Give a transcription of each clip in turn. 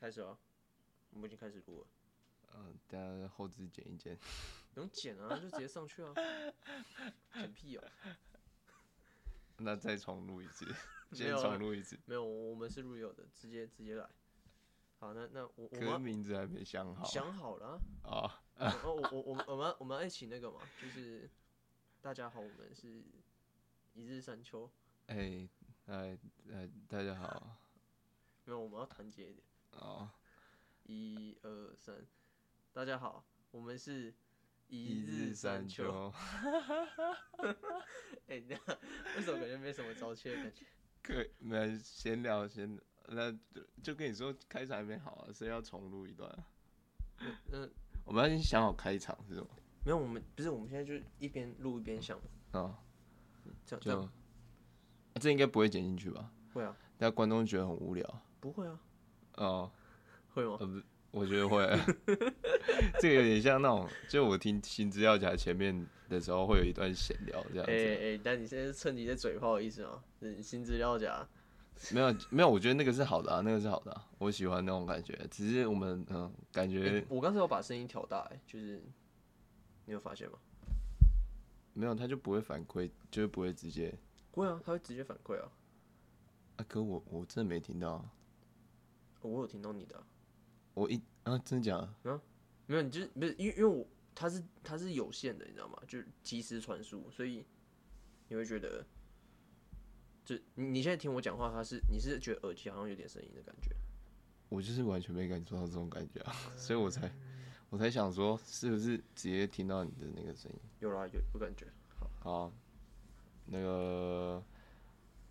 開始哦，我們已經開始錄了。嗯，等下後置剪一剪。不用剪啊，就直接上去啊。剪屁哦。那再重錄一次，直接重錄一次沒。沒有，我們是錄有的，直接直接來。好，那那我我們名字還沒想好。想好了。啊。哦，嗯、我我我，我，我們我們我們一起那個嘛，就是大家好，我們是一日三秋。哎哎哎，大家好。因為我們要團結一點。哦、oh，一二三，大家好，我們是一日三秋。哎、 欸，為什麼感覺沒什麼朝氣的感覺？對，沒有閒聊先，那就，就跟你說開場還沒好啊，所以要重錄一段、啊嗯嗯。我們要先想好開場是什麼、嗯。沒有，我們不是，我們現在就一邊錄一邊想、嗯嗯。啊，這樣這樣，這應該不會剪進去吧、嗯嗯？會啊，但觀眾覺得很無聊。不會啊。哦，會嗎？呃，我覺得會。 這個有點像那種，就我聽新資料夾前面的時候，會有一段閒聊這樣子。欸欸、但你現在是趁機在嘴炮的意思嗎？新資料夾？沒有，沒有，我覺得那個是好的啊，那個是好的、啊，我喜歡那種感覺。只是我們嗯，感覺、欸、我剛才有把聲音調大、欸，就是你有發現嗎？沒有，他就不會反饋，就是不會直接。會啊，他會直接反饋啊。啊可我我真的沒聽到。我有聽到你的、啊，我一啊，真的假的？啊？沒有，你就是不是，因為因為我它是它是有線的，你知道嗎？就是及時傳輸，所以你會覺得，就你,你現在聽我講話，它是你是覺得耳機好像有點聲音的感覺。我就是完全沒感受到這種感覺啊，所以我才我才想說，是不是直接聽到你的那個聲音？有啦，有有感覺。好，好那個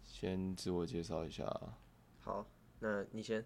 先自我介紹一下。好，那你先。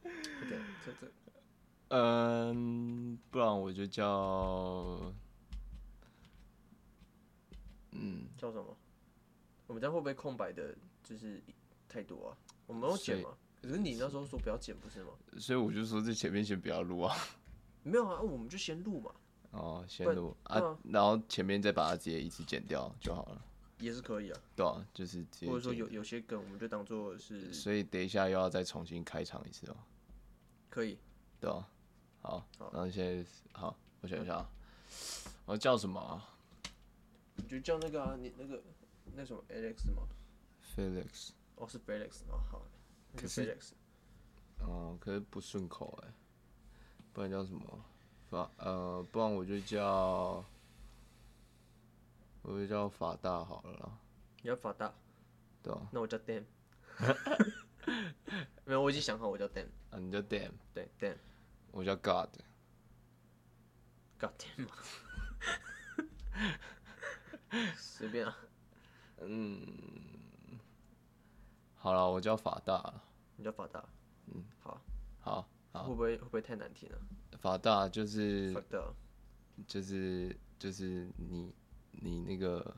不 嗯，不然我就叫，嗯，叫什麼？我們這樣會不會空白的，就是太多啊？我們沒有剪嘛？可是你那時候說不要剪，不是嗎？所以我就說在前面先不要錄啊 。沒有啊，我們就先錄嘛。哦，先錄啊，啊，然後前面再把它直接一次剪掉就好了。也是可以啊，對啊，就是接接或者說有有些梗我們就當做是，所以等一下又要再重新開場一次哦，可以，對啊，好，好，然後現在好，我想一下，啊，我、okay. 叫什麼、啊？你就叫那個啊，你那個那什麼 Alex 嗎？Felix。哦，是 Felix 哦，好，可是哦、嗯、可是不順口哎，不然叫什麼？法呃不然我就叫。我就叫法大好了啦，你叫法大，對啊，那我叫 Damn 沒有，我已經想好，我叫 Damn，啊，你叫 Damn 對 Damn 對，Damn 我叫 God，God，Damn 嘛， 隨便啊，嗯，好了，我叫法大了，你叫法大，嗯，好，好，好，會不會會不會太難聽了啊？法大就是，法大，嗯，就是就是你。你那個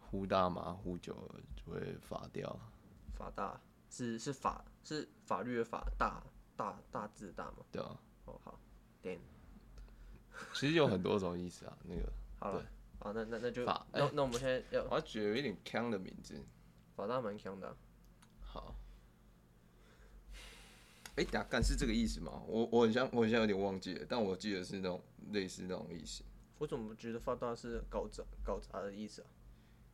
呼大麻，呼久了就會發掉。發大是是法是法律的法大，大大字大嗎？對啊。哦、oh, 好。點。其實有很多種意思啊， 那個。好了，好，那那那就那、no, no, 欸、那我們現在要。我覺得有點鏘的名字。法大蠻鏘的啊。好。哎，欸，等一下，乾是這個意思嗎？我我好像我好像有點忘記了，但我記得是那種類似那種意思。我怎麼覺得法大是搞砸、搞砸的意思啊？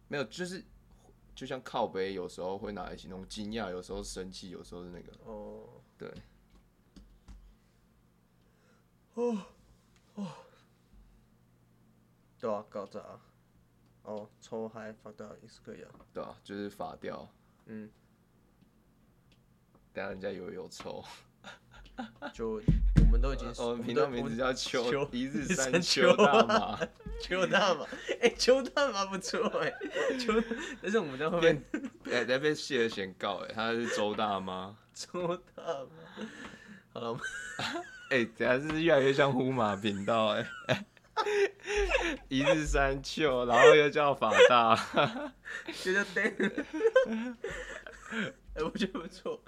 沒有，就是就像靠北，有時候會拿來形容驚訝，有時候生氣，有時候是那個。哦、oh.，對。哦哦。對啊，搞砸。哦、oh,，抽嗨法大也是可以啊。對啊，就是發掉。嗯。等下人家以為有抽。就我們都已經、哦，我們頻道名字叫秋，一日三秋大馬，秋大馬，哎、 欸，秋大馬不錯哎、欸，秋，但是我們在後面，哎、 欸，在被謝賢告哎、欸，他是周大媽，周大媽，好了嗎？哎、欸，等下是越來越像呼馬頻道哎、欸，一 日三秋，然後又叫法大， 就叫 Dan，哎，我覺得不錯。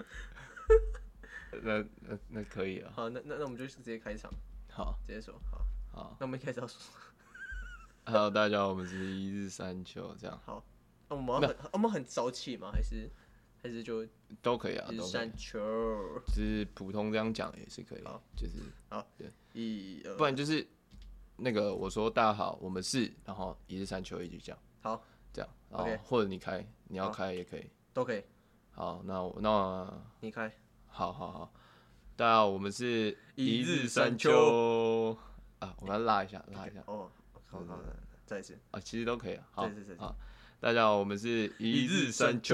那那那可以啊。好，那那那我們就直接開場。好，直接說。好，好。那我們開始要說 。Hello，大家好，我們是一日三秋這樣。好，那、啊、我們很那我們很早起嗎？還是還是就都可以啊。一日三秋。就是普通這樣講也是可以。好，就是。好，對，一，二。不然就是那個我說大家好，我們是，然後一日三秋一直講。好，這樣。O K，或者你開，你要開也可以。都可以。好，那我那我你開。好好好，大家好，我們是一日三秋，日三秋啊！我來拉一下，欸、拉一下哦。Okay, oh, 好的、嗯，再一次啊！其實都可以啊。對對對，好，大家好，我們是一日三秋。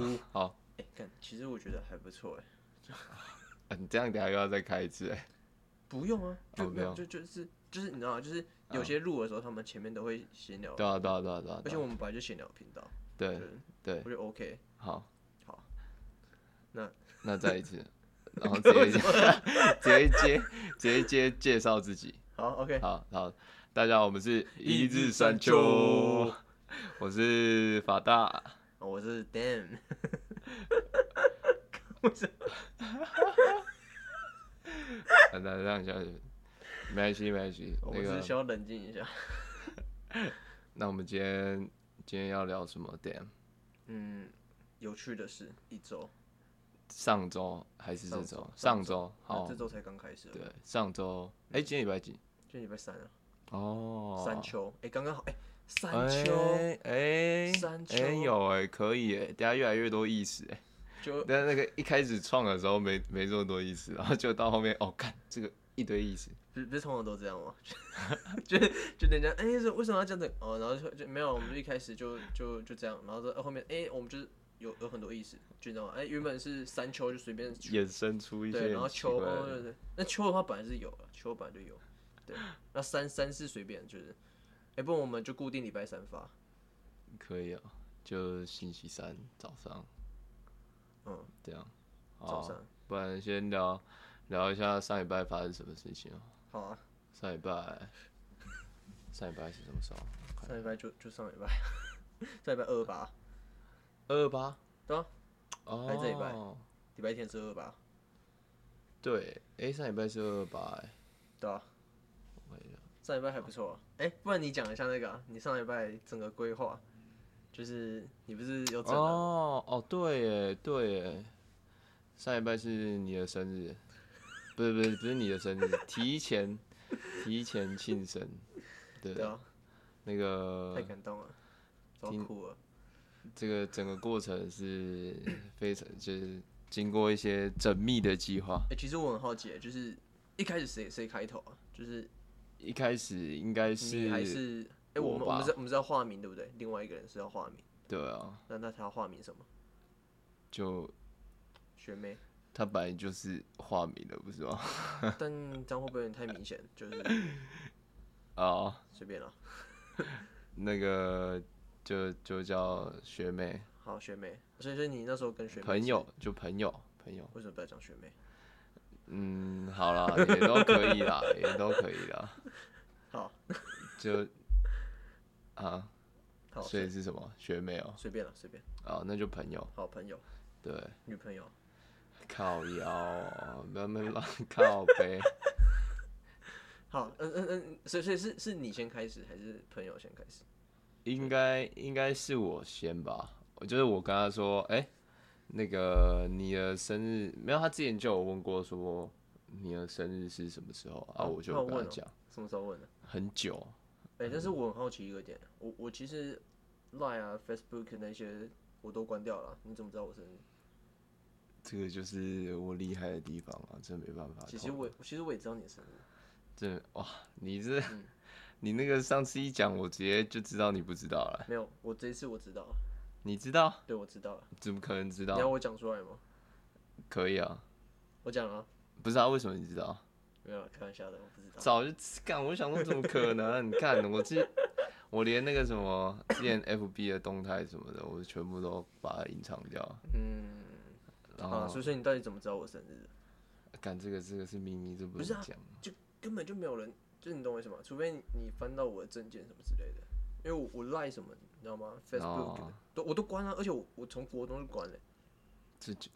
三秋好，哎、欸，看，其實我覺得還不錯哎。啊、 欸，你這樣等下又要再開一次哎？ 不用啊，就、oh, 沒有不用，就就是、就是、就是你知道嗎、啊？就是有些錄的時候，他們前面都會閒聊、啊。對啊，對啊，對啊，對啊。而且我們本來就閒聊頻道。對對，對，我覺得 OK。好，好，那。那再一次，然後直接、直接接、直接一接介紹自己好 好、okay。好，OK，好，好，大家好，我們是一日三秋，我是法大，我是 Dan，哈哈哈哈哈，哈、欸、哈，哈哈，那這樣下去，沒關係，沒關係，我們只需要冷靜一下。那我們今天今天要聊什麼？Dan？嗯，有趣的事，一周。上周還是這周？上周好、哦，這周才剛開始。對，上周。哎、欸，今天禮拜幾？今天禮拜三啊。哦。三秋。哎、欸，剛剛好。哎、欸，三秋。哎、欸。三秋。欸、有哎、欸，可以哎、欸，等下越來越多意思哎、欸。就，等下那個一開始創的時候沒沒這麼多意思，然後就到後面哦，看、喔、這個一堆意思。不是不是，通常都這樣嗎？ 就就人家哎說、欸、為什麼要這樣子哦，然後就就沒有，我們就一開始就就就這樣，然後到後面哎、欸，我們就是。有有很多意思，就那種哎，原本是三秋，就隨便衍生出一些，對，然後秋哦對對對那秋的話本來是有了，秋本來就有，對，那三三是隨便就是，哎、欸，不然，我們就固定禮拜三發，可以啊，就星期三早上，嗯，這樣，好啊，早上，不然先聊聊一下上禮拜發生什麼事情啊。好啊，上禮拜， 上禮拜是什麼時候？上禮拜就就上禮拜， 上禮拜二吧。嗯二二八，對、oh，啊，這禮拜禮拜天是二二八，對，哎、欸，上禮拜是二二八，對啊，我看一下，上禮拜還不錯、啊，哎、啊欸，不然你講一下那個、啊，你上禮拜整個規劃，就是你不是有整哦哦，對哎對哎，上禮拜是你的生日，不是不是不是，不是你的生日， 提前提前慶生對，對啊，那個太感動了，好苦了這個整個過程是非常，就是經過一些縝密的計劃。哎、欸，其實我很好奇，就是一開始誰誰開頭啊？就是一開始應該是你還是哎、欸，我們我們是，我們是要化名對不對？另外一個人是要化名。對啊。那那他要化名什麼？就學妹。他本來就是化名的，不是嗎？ 但這樣會不會有點太明顯？就是啊，隨、oh. 便啦。 那個。就就叫學妹，好學妹，所以所以你那時候跟學妹朋友就朋友朋友，為什麼不要叫學妹？嗯，好啦，也都可以啦， 也都可以啦。好，就啊好，所以是什麼學妹哦、喔？隨便了，隨便。啊，那就朋友。好，朋友。對，女朋友。靠腰、哦，沒有沒靠背。好，嗯嗯嗯，所以所以是是你先開始，還是朋友先開始？應該應該是我先吧，我就是我跟他說，哎、欸，那個你的生日沒有？他之前就有問過，說你的生日是什麼時候、嗯、啊？我就、喔、跟他講，什麼時候問的、啊？很久。哎、欸，但是我很好奇一個點，嗯、我我其實 Line 啊、Facebook 那些我都關掉了，你怎麼知道我生日？這個就是我厲害的地方啊，真沒辦法。其實我其實我也知道你的生日，真的哇，你這你那個上次一講，我直接就知道你不知道了、欸。沒有，我這一次我知道了。你知道？對，我知道了。怎麼可能知道？你要我講出來嗎？可以啊。我講了、啊。不知道、啊、為什麼你知道？沒有、啊，開玩笑的，我不知道。早就知我就想說怎麼可能、啊？ 你看，我這我連那個什麼連 FB 的動態什麼的，我全部都把它隱藏掉。嗯。然後、啊，所以說你到底怎麼知道我生日？幹、啊、這個，這個是秘密，就不，不能講、啊。就根本就沒有人。就你懂我意思嗎？除非你翻到我的證件什麼之類的，因為我我賴什麼，你知道嗎？Facebook 都、oh. 我都關了、啊，而且我我從國中就關了。這就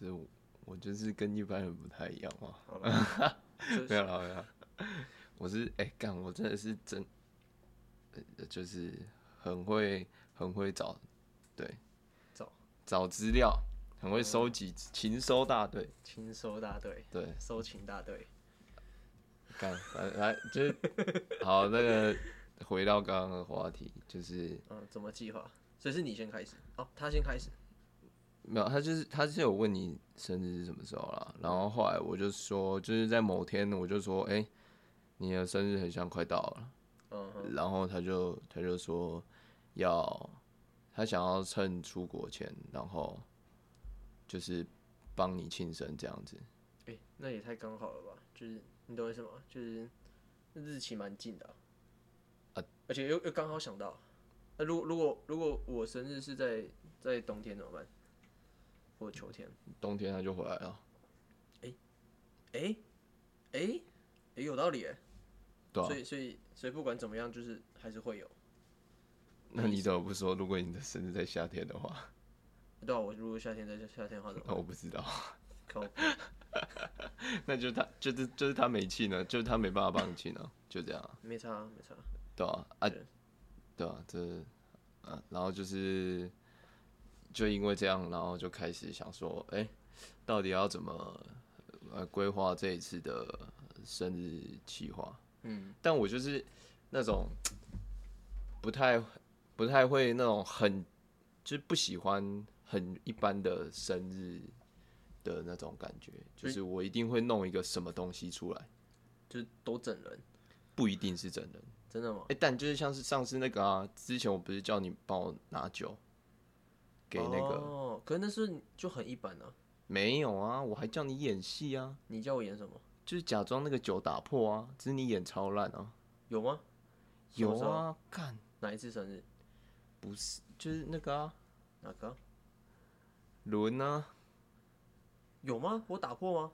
這我我就是跟一般人不太一樣嘛、啊。好了， 沒有了沒有了，我是哎幹、欸，我真的是真，呃就是很會很會找，對，找找資料，很會收集，情、oh. 蒐大隊。情蒐大隊，對，搜情大隊。 來，來，就是好。那個回到剛剛的話題，就是嗯，怎麼計劃？所以是你先開始哦，他先開始？沒有，他就是他就是有問你生日是什麼時候啦，然後後來我就說，就是在某天，我就說，哎、欸，你的生日很像快到了，嗯，然後他就他就說要他想要趁出國前，然後就是幫你慶生這樣子。哎、欸，那也太剛好了吧？就是。你懂我意思嗎？就是日期蠻近的啊，啊，而且又又剛好想到，那如果如果如果我生日是在在冬天怎麼辦？或者秋天？冬天他就回來了。誒誒誒誒，有道理誒。對啊。所以所以所以不管怎麼樣，就是還是會有。那你怎麼不說？如果你的生日在夏天的話？對啊，我如果夏天在夏天的話怎麼辦？那我不知道。靠。 那就他就是就是他沒慶了，就是他沒辦法幫你慶了， 就這樣。沒差、啊，沒差、啊。對啊，對啊，對啊，就是、啊，然後就是，就因為這樣，然後就開始想說，哎、欸，到底要怎麼呃規劃這一次的生日計劃？嗯，但我就是那種不太不太會那種很就是不喜歡很一般的生日。的那種感覺、嗯，就是我一定會弄一個什麼東西出來，就是都整人，不一定是整人。真的嗎？哎、欸，但就是像是上次那個啊，之前我不是叫你幫我拿酒給那個？哦，可能那是就很一般啊。沒有啊，我還叫你演戲啊。你叫我演什麼？就是假裝那個酒打破啊，只是你演超爛啊。有嗎？有？什麼時候？有啊，幹哪一次生日？不是，就是那個啊，哪個？輪啊。有嗎？我打破嗎？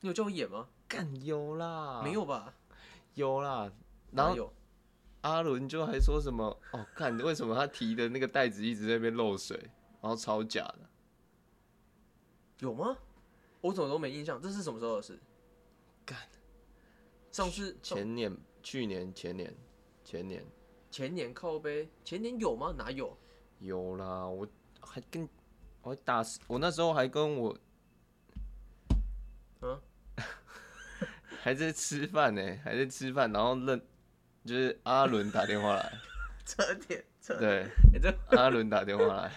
你有叫我演嗎？幹有啦，沒有吧？有啦，然後哪有阿倫就還說什麼哦，幹為什麼他提的那個袋子一直在那邊漏水，然後超假的。有嗎？我怎麼都沒印象，這是什麼時候的事？幹，上次前年，哦，去年，前年，前年，前年靠杯，前年有嗎？哪有？有啦，我還跟我還打，我那時候還跟我。嗯，還在吃飯呢？欸，還在吃飯，然後任就是阿倫打電話來，對，欸、阿倫打電話來，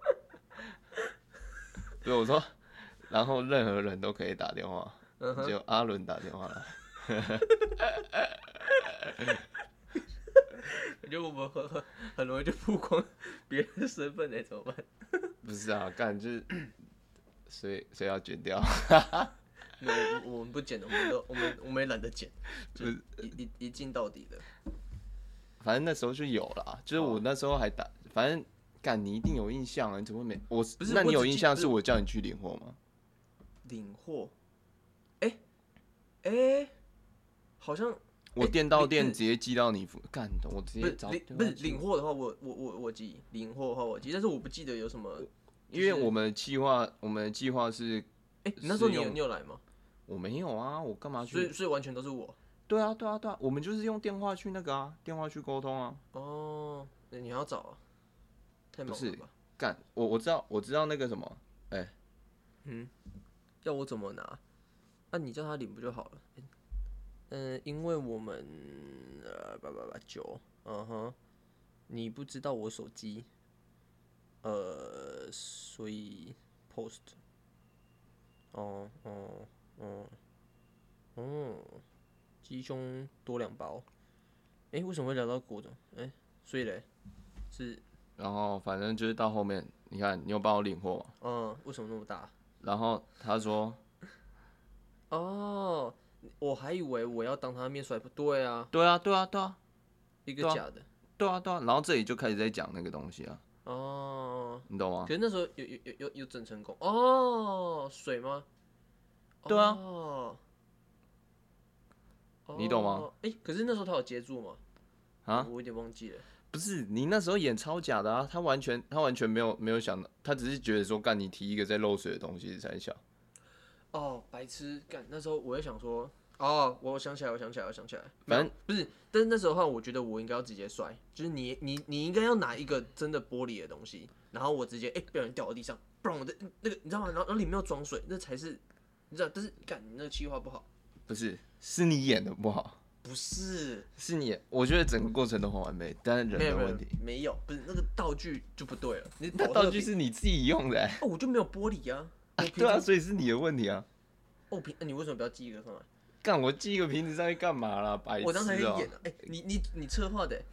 對，我說，然後任何人都可以打電話，嗯、只有阿倫打電話來， 就我們很很容易就曝光別人的身份，哎，怎麼辦？不是啊，幹就是。 所以，所以要剪掉。 我我我們不剪的，我們都我們我們懶得剪，就一是一一一鏡到底的。反正那時候就有了，就是我那時候還打，反正幹你一定有印象啊！你怎麼沒？我不是，那你有印象是我叫你去領貨嗎？領貨？哎、欸、哎、欸，好像我店到店直接寄到你干的、欸嗯，我直接找。不是領貨的話，我我我我寄，領貨的話我寄，但是我不記得有什麼。因為我們計劃，我們計劃是，哎、欸，那時候你，你有來嗎？我沒有啊，我幹嘛去？所以所以完全都是我。對啊，對啊，對啊，我們就是用電話去那個啊，電話去溝通啊。哦，那、欸、你還要找、啊，太麻煩了吧？幹，我我知道，我知道那個什麼，哎、欸，嗯，要我怎麼拿？那、啊、你叫他領不就好了？嗯、欸呃，因為我們，呃，八八八九，嗯哼，你不知道我手機。呃，所以 post，哦哦哦，哦，雞、嗯哦、胸多兩包，哎、欸，為什麼會聊到果子？哎、欸，所以嘞，是然後反正就是到後面，你看你有幫我領貨嗎？嗯，為什麼那麼大？然後他說， 哦，我還以為我要當他面甩，不對啊，對啊，對啊，對啊，對啊，一個假的，對啊，對啊，對啊，然後這裡就開始在講那個東西啊。哦，你懂嗎？可是那時候有有有有有整成功哦，水嗎？對啊，哦、你懂嗎？哎、欸，可是那時候他有接住嗎？啊，我有點忘記了。不是，你那時候演超假的啊，他完全他完全沒有沒有想到，他只是覺得說幹你提一個在漏水的東西才想。哦，白痴，幹，那時候我也想說。哦，我我想起來，我想起來，我想起來，反正不是，但是那時候的話，我覺得我應該要直接摔，就是你你你應該要拿一個真的玻璃的東西，然後我直接哎，不小心掉到地上，不然我的那個你知道嗎？然後然後裡面要裝水，那才是你知道，但是感，你那個企劃不好，不是，是你演的不好，不是，是你演，我覺得整個過程都很完美，是但是人沒有問題，沒有，不是那個道具就不對了，那道具是你自己用的、欸，哦，我就沒有玻璃啊，啊，對啊，所以是你的問題啊，哦，平，呃、你為什麼不要寄一個上來？幹！我寄一個瓶子上去幹嘛啦？白痴、啊！我剛才在演啊！哎、欸，你你你策劃的、欸？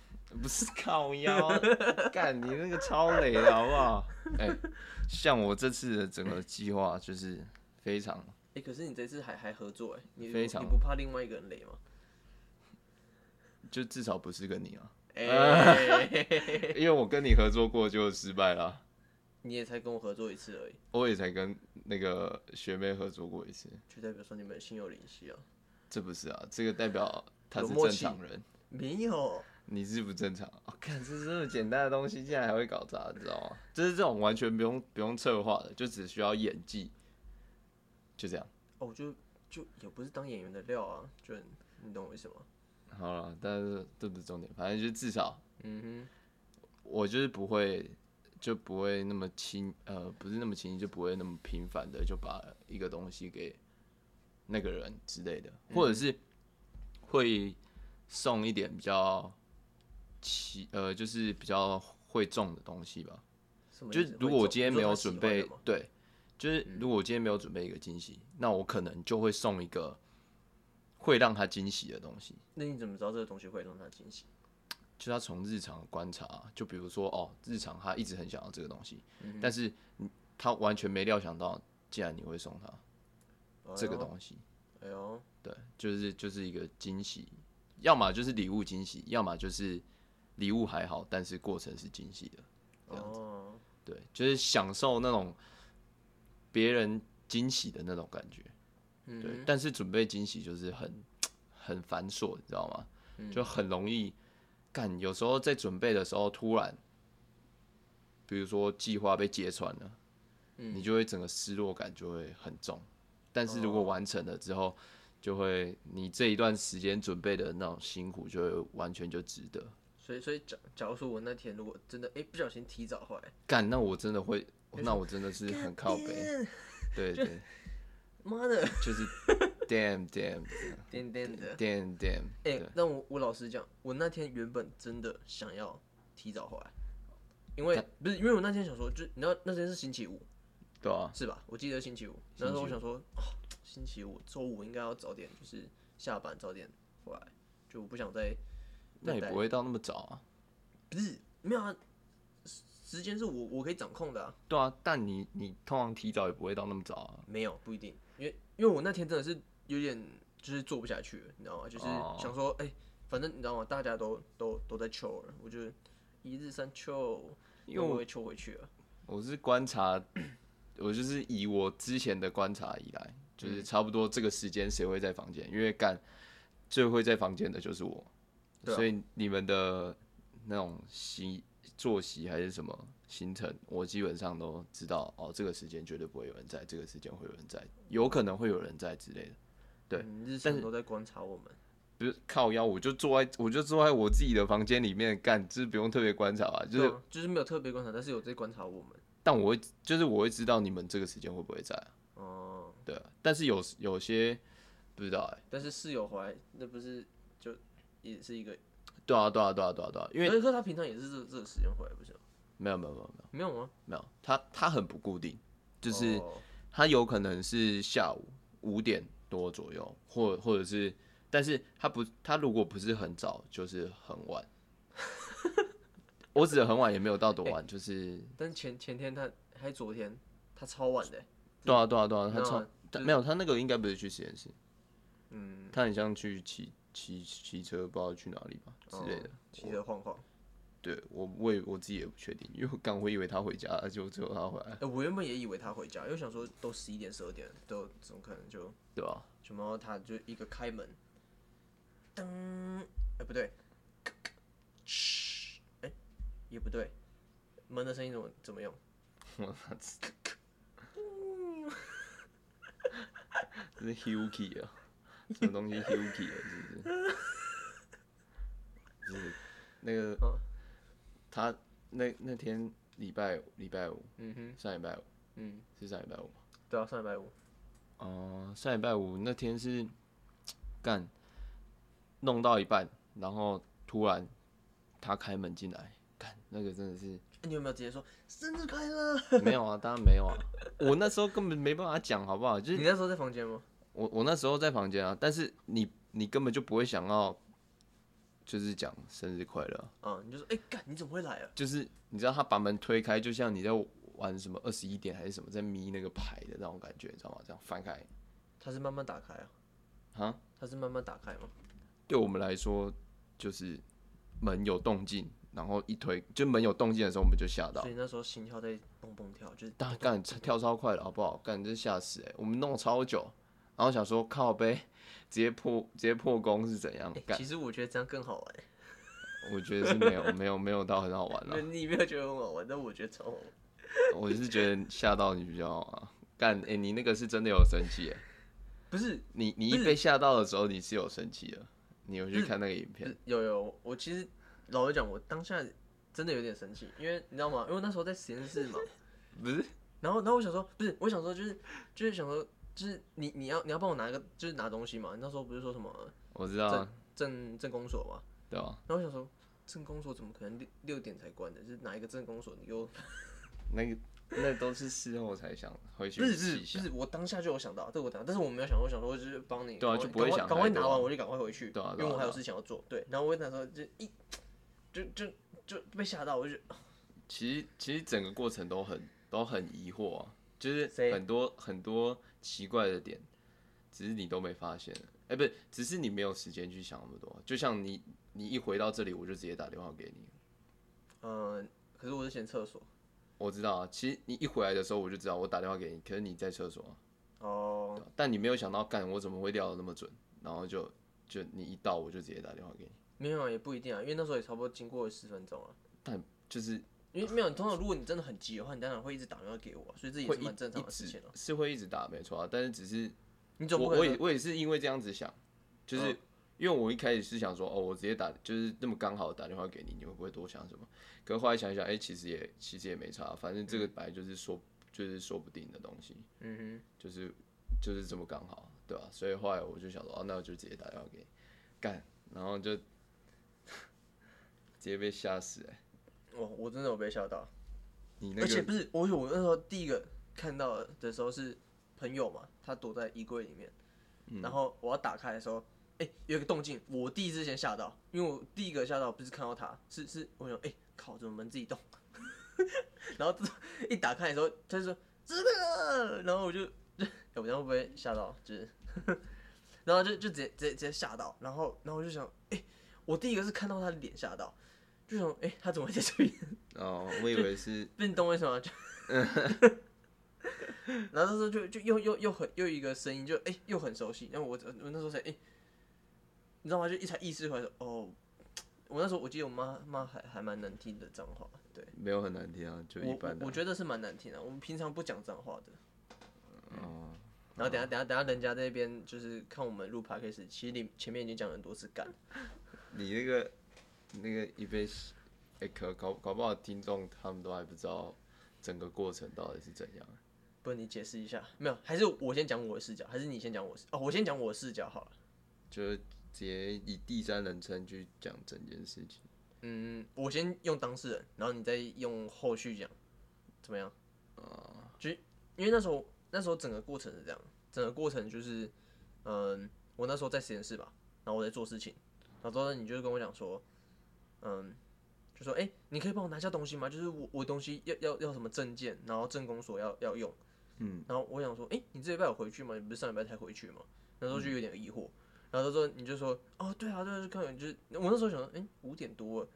不是靠腰、啊？幹！ 你那個超累的好不好！哎、欸，像我這次的整個計劃就是非常、欸……哎，可是你這次還還合作哎、欸？非常你不！你不怕另外一個人累嗎？就至少不是跟你啊！哎、欸， 因為我跟你合作過就失敗了。你也才跟我合作一次而已。我也才跟那個學妹合作過一次，就代表說你們心有靈犀啊！是不是啊？這個代表他是正常人，沒有你是不是正常。我、喔、看這是這麼簡單的東西，竟然還會搞砸，你知道嗎？就是這種完全不用不用策劃的，就只需要演技，就這樣。哦，就就也不是當演員的料啊，就你懂我意思嗎？好了，但是這不是重點，反正就是至少，嗯哼，我就是不會就不會那麼輕，呃，不是那麼輕易就不會那麼頻繁的就把一個東西給。那個人之類的，或者是會送一點比較奇呃，就是比較會中的東西吧。就是如果我今天沒有準備，對，就是如果我今天沒有準備一個驚喜，嗯，那我可能就會送一個會讓他驚喜的東西。那你怎麼知道這個東西會讓他驚喜？就他從日常觀察，就比如說哦，日常他一直很想要這個東西，嗯嗯，但是他完全沒料想到，竟然你會送他。這個東西，哎呦，對，就是就是一個驚喜，要麼就是禮物驚喜，要麼就是禮物還好，但是過程是驚喜的，這樣子。哦，對，就是享受那種別人驚喜的那種感覺，嗯、對，但是準備驚喜就是很很繁瑣，你知道嗎？就很容易干、嗯，有時候在準備的時候，突然，比如說計劃被揭穿了、嗯，你就會整個失落感就會很重。但是如果完成了之後，就會你這一段時間準備的那種辛苦，就會完全就值得。所以，所以假假如說我那天如果真的哎、欸、不小心提早回來，幹那我真的會，那我真的是很靠北，對對、對，媽的，就是 damn damn damn damn damn, damn。哎、欸，那我我老實講，我那天原本真的想要提早回來，因為不是因為我那天想說，就是、你知道那天是星期五。對啊、是吧？我記得星期五，那時候我想說，啊、哦，星期五、周五應該要早點，就是下班早點回來，就不想再。那也不會到那麼早啊。不是，沒有啊，時間是我我可以掌控的啊。對啊，但你你通常提早也不會到那麼早啊。沒有，不一定，因為因為我那天真的是有點就是做不下去，你知道嗎？就是想說，哎、oh. 欸，反正你知道嗎？大家都都都在求，我就一日三秋，因為我會求回去了。我是觀察。 我就是以我之前的觀察以來，就是差不多這個時間誰會在房間、嗯，因為幹最會在房間的就是我、啊，所以你們的那種習，作息還是什麼行程，我基本上都知道哦。這個時間絕對不會有人在，這個時間會有人在，有可能會有人在之類的。嗯、對，你、嗯、日常都在觀察我們，就是，是靠腰，我就坐在我就坐在我自己的房間裡面幹，就是不用特別觀察啊，就是、啊、就是沒有特別觀察，但是有在觀察我們。但我會，就是我會知道你們這個時間會不會在哦、啊嗯。對，但是有有些不知道哎、欸，但是室友回來那不是就也是一個，對啊對啊對啊對啊對啊，因為而且他平常也是這這個時間回來，不是嗎、啊、沒有沒有沒有沒有嗎？沒有，他他很不固定，就是他有可能是下午五點多左右，或者或者是，但是他不他如果不是很早，就是很晚。我指的很晚也沒有到多晚、欸，就是。但是前前天他還昨天他超晚的、欸。對啊對啊對啊，他超、啊、他超沒有他那個應該不是去實驗室，嗯，他很像去騎騎騎車，不知道去哪裡吧之類的。騎、哦、車晃晃。對，我我也我自己也不確定，因為我剛我以為他回家了，就只有他回來、呃。我原本也以為他回家，因為我想說都十一點十二點了，都怎麼可能就？對吧？然後他就一個開門，噔，哎、欸、不對。也不對，門的聲音怎麼怎麼用？我操！這是 Huki 啊、喔，什麼東西 Huki 啊？是不是？ 是那個、哦、他那那天禮拜禮拜五，嗯哼，上禮拜五，嗯，是上禮拜五嗎？對啊，上禮拜五。哦、呃，上禮拜五那天是幹弄到一半，然後突然他開門進來。那個真的是，你有沒有直接說生日快樂？沒有啊，當然沒有啊。我那時候根本沒辦法講，好不好？就是你那時候在房間嗎？我我那時候在房間啊，但是你你根本就不會想要，就是講生日快樂。嗯，你就說，哎、欸，幹你怎麼會來啊？就是你知道他把門推開，就像你在玩什麼二十一點還是什麼，在眯那個牌的那種感覺，你知道嗎？這樣翻開，他是慢慢打開啊，哈，他是慢慢打開嗎？對我們來說，就是門有動靜。然後一推，就門有動靜的時候，我們就嚇到。所以那時候心跳在蹦蹦跳，就是干幹跳超快的，好不好？幹，是嚇死哎、欸！我們弄超久，然後想說靠背，直接破，直接破功是怎樣、欸、其實我覺得這樣更好玩。我覺得是沒有沒有沒有到很好玩了、啊。 你不要覺得很好玩，但我覺得超好玩。我是覺得嚇到你比較好啊。幹，哎、欸，你那個是真的有生氣、欸？不是，你你一被嚇到的時候你是有生氣的。你有去看那個影片？有有，我其實。老實講，我當下真的有點生氣，因為你知道嗎？因為那時候在實驗室嘛， 不是。然後，然後我想說，不是，我想說就是就是想說就是你你要你要幫我拿一個就是拿東西嘛。那時候不是說什麼我知道，鎮鎮鎮公所嘛，對啊。然後我想說鎮公所怎麼可能六六點才關的？就是拿一個鎮公所，你給我、 那個。那個那都是事後才想回去想。不是，就是我當下就有想到這個，對我但但是我沒有想到我想說我就是幫你，對啊、趕快，就不會想。趕快拿完我就趕快回去對、啊，對啊，因為我還有事情要做。對，然後我那時候說，就一。就就就被嚇到，我就。其實其實整個過程都很都很疑惑、啊，就是很多很多奇怪的點，只是你都沒發現，哎、欸，不，只是你沒有時間去想那麼多。就像你你一回到這裡，我就直接打電話給你。嗯、呃，可是我是先廁所。我知道啊，其實你一回來的時候我就知道，我打電話給你，可是你在廁所、啊。哦、oh.。但你沒有想到，幹，我怎麼會料得那麼準？然後就就你一到，我就直接打電話給你。沒有、啊、也不一定啊，因為那時候也差不多經過十分鐘了、啊。但就是因為沒有，通常如果你真的很急的話，你當然會一直打電話給我、啊，所以這也是很正常的事情、啊、是會一直打，沒錯啊。但是只是你總不會……我也是因為這樣子想，就是因為我一開始是想說，哦，我直接打，就是那麼剛好打電話給你，你會不會多想什麼？可是後來想一想，哎、欸，其實也其實也沒差、啊，反正這個本來就是說就是說不定的東西，嗯哼，就是就是這麼剛好，對吧、啊？所以後來我就想說，哦、啊，那我就直接打電話給你。幹，然後就。直接被嚇死哎，、欸！我我真的有被嚇到，你那而且不是我我那時候第一個看到的時候是朋友嘛，他躲在衣櫃裡面，嗯、然後我要打開的時候，哎，、欸，有個動靜，我第一次先嚇到，因為我第一個嚇到不是看到他是是我想，哎，、欸，靠，怎麼門自己動？ 然後一打開的時候，他就說這個，然後我就就、欸、我這樣會不會嚇到？就是， 然後就就直接直接直接嚇到，然後然後我就想哎，、欸，我第一個是看到他的臉嚇到。就想哎、欸，他怎麼會在這邊？哦、oh，我以為是。不，你懂為什麼？就，然後那時候就就又又又很又一個聲音，就哎、欸、又很熟悉。然後我我那時候才哎、欸，你知道嗎？就一才意識回來說哦。我那時候我記得我媽媽還還蠻難聽的髒話，對。沒有很難聽啊，就一般我，我覺得是蠻難聽的、啊。我們平常不講髒話的。哦、oh, 嗯。然後等下等下等下，oh. 等下人家那邊就是看我們錄 podcast，其實你前面已經講很多次幹。你那個。那個 event，哎，可搞搞不好聽眾他們都還不知道整個過程到底是怎樣？不，你解釋一下。沒有，還是我先講我的視角，還是你先講我視？哦，我先講我的視角好了。就是直接以第三人稱去講整件事情。嗯，我先用當事人，然後你再用後續講，怎麼樣？啊、呃，就因為那時候那時候整個過程是這樣，整個過程就是，嗯，我那時候在實驗室吧，然後我在做事情，然後之後你就跟我講說。嗯，就說哎、欸，你可以幫我拿下東西嗎？就是我我東西要要要什麼證件，然後證公所要要用，嗯，然後我想說，哎、欸，你這禮拜有回去嗎？你不是上禮拜才回去嗎？那時候就有點疑惑，嗯、然後他說你就說，哦，對啊，對啊，就看就是，我那時候想說，哎、欸，五點多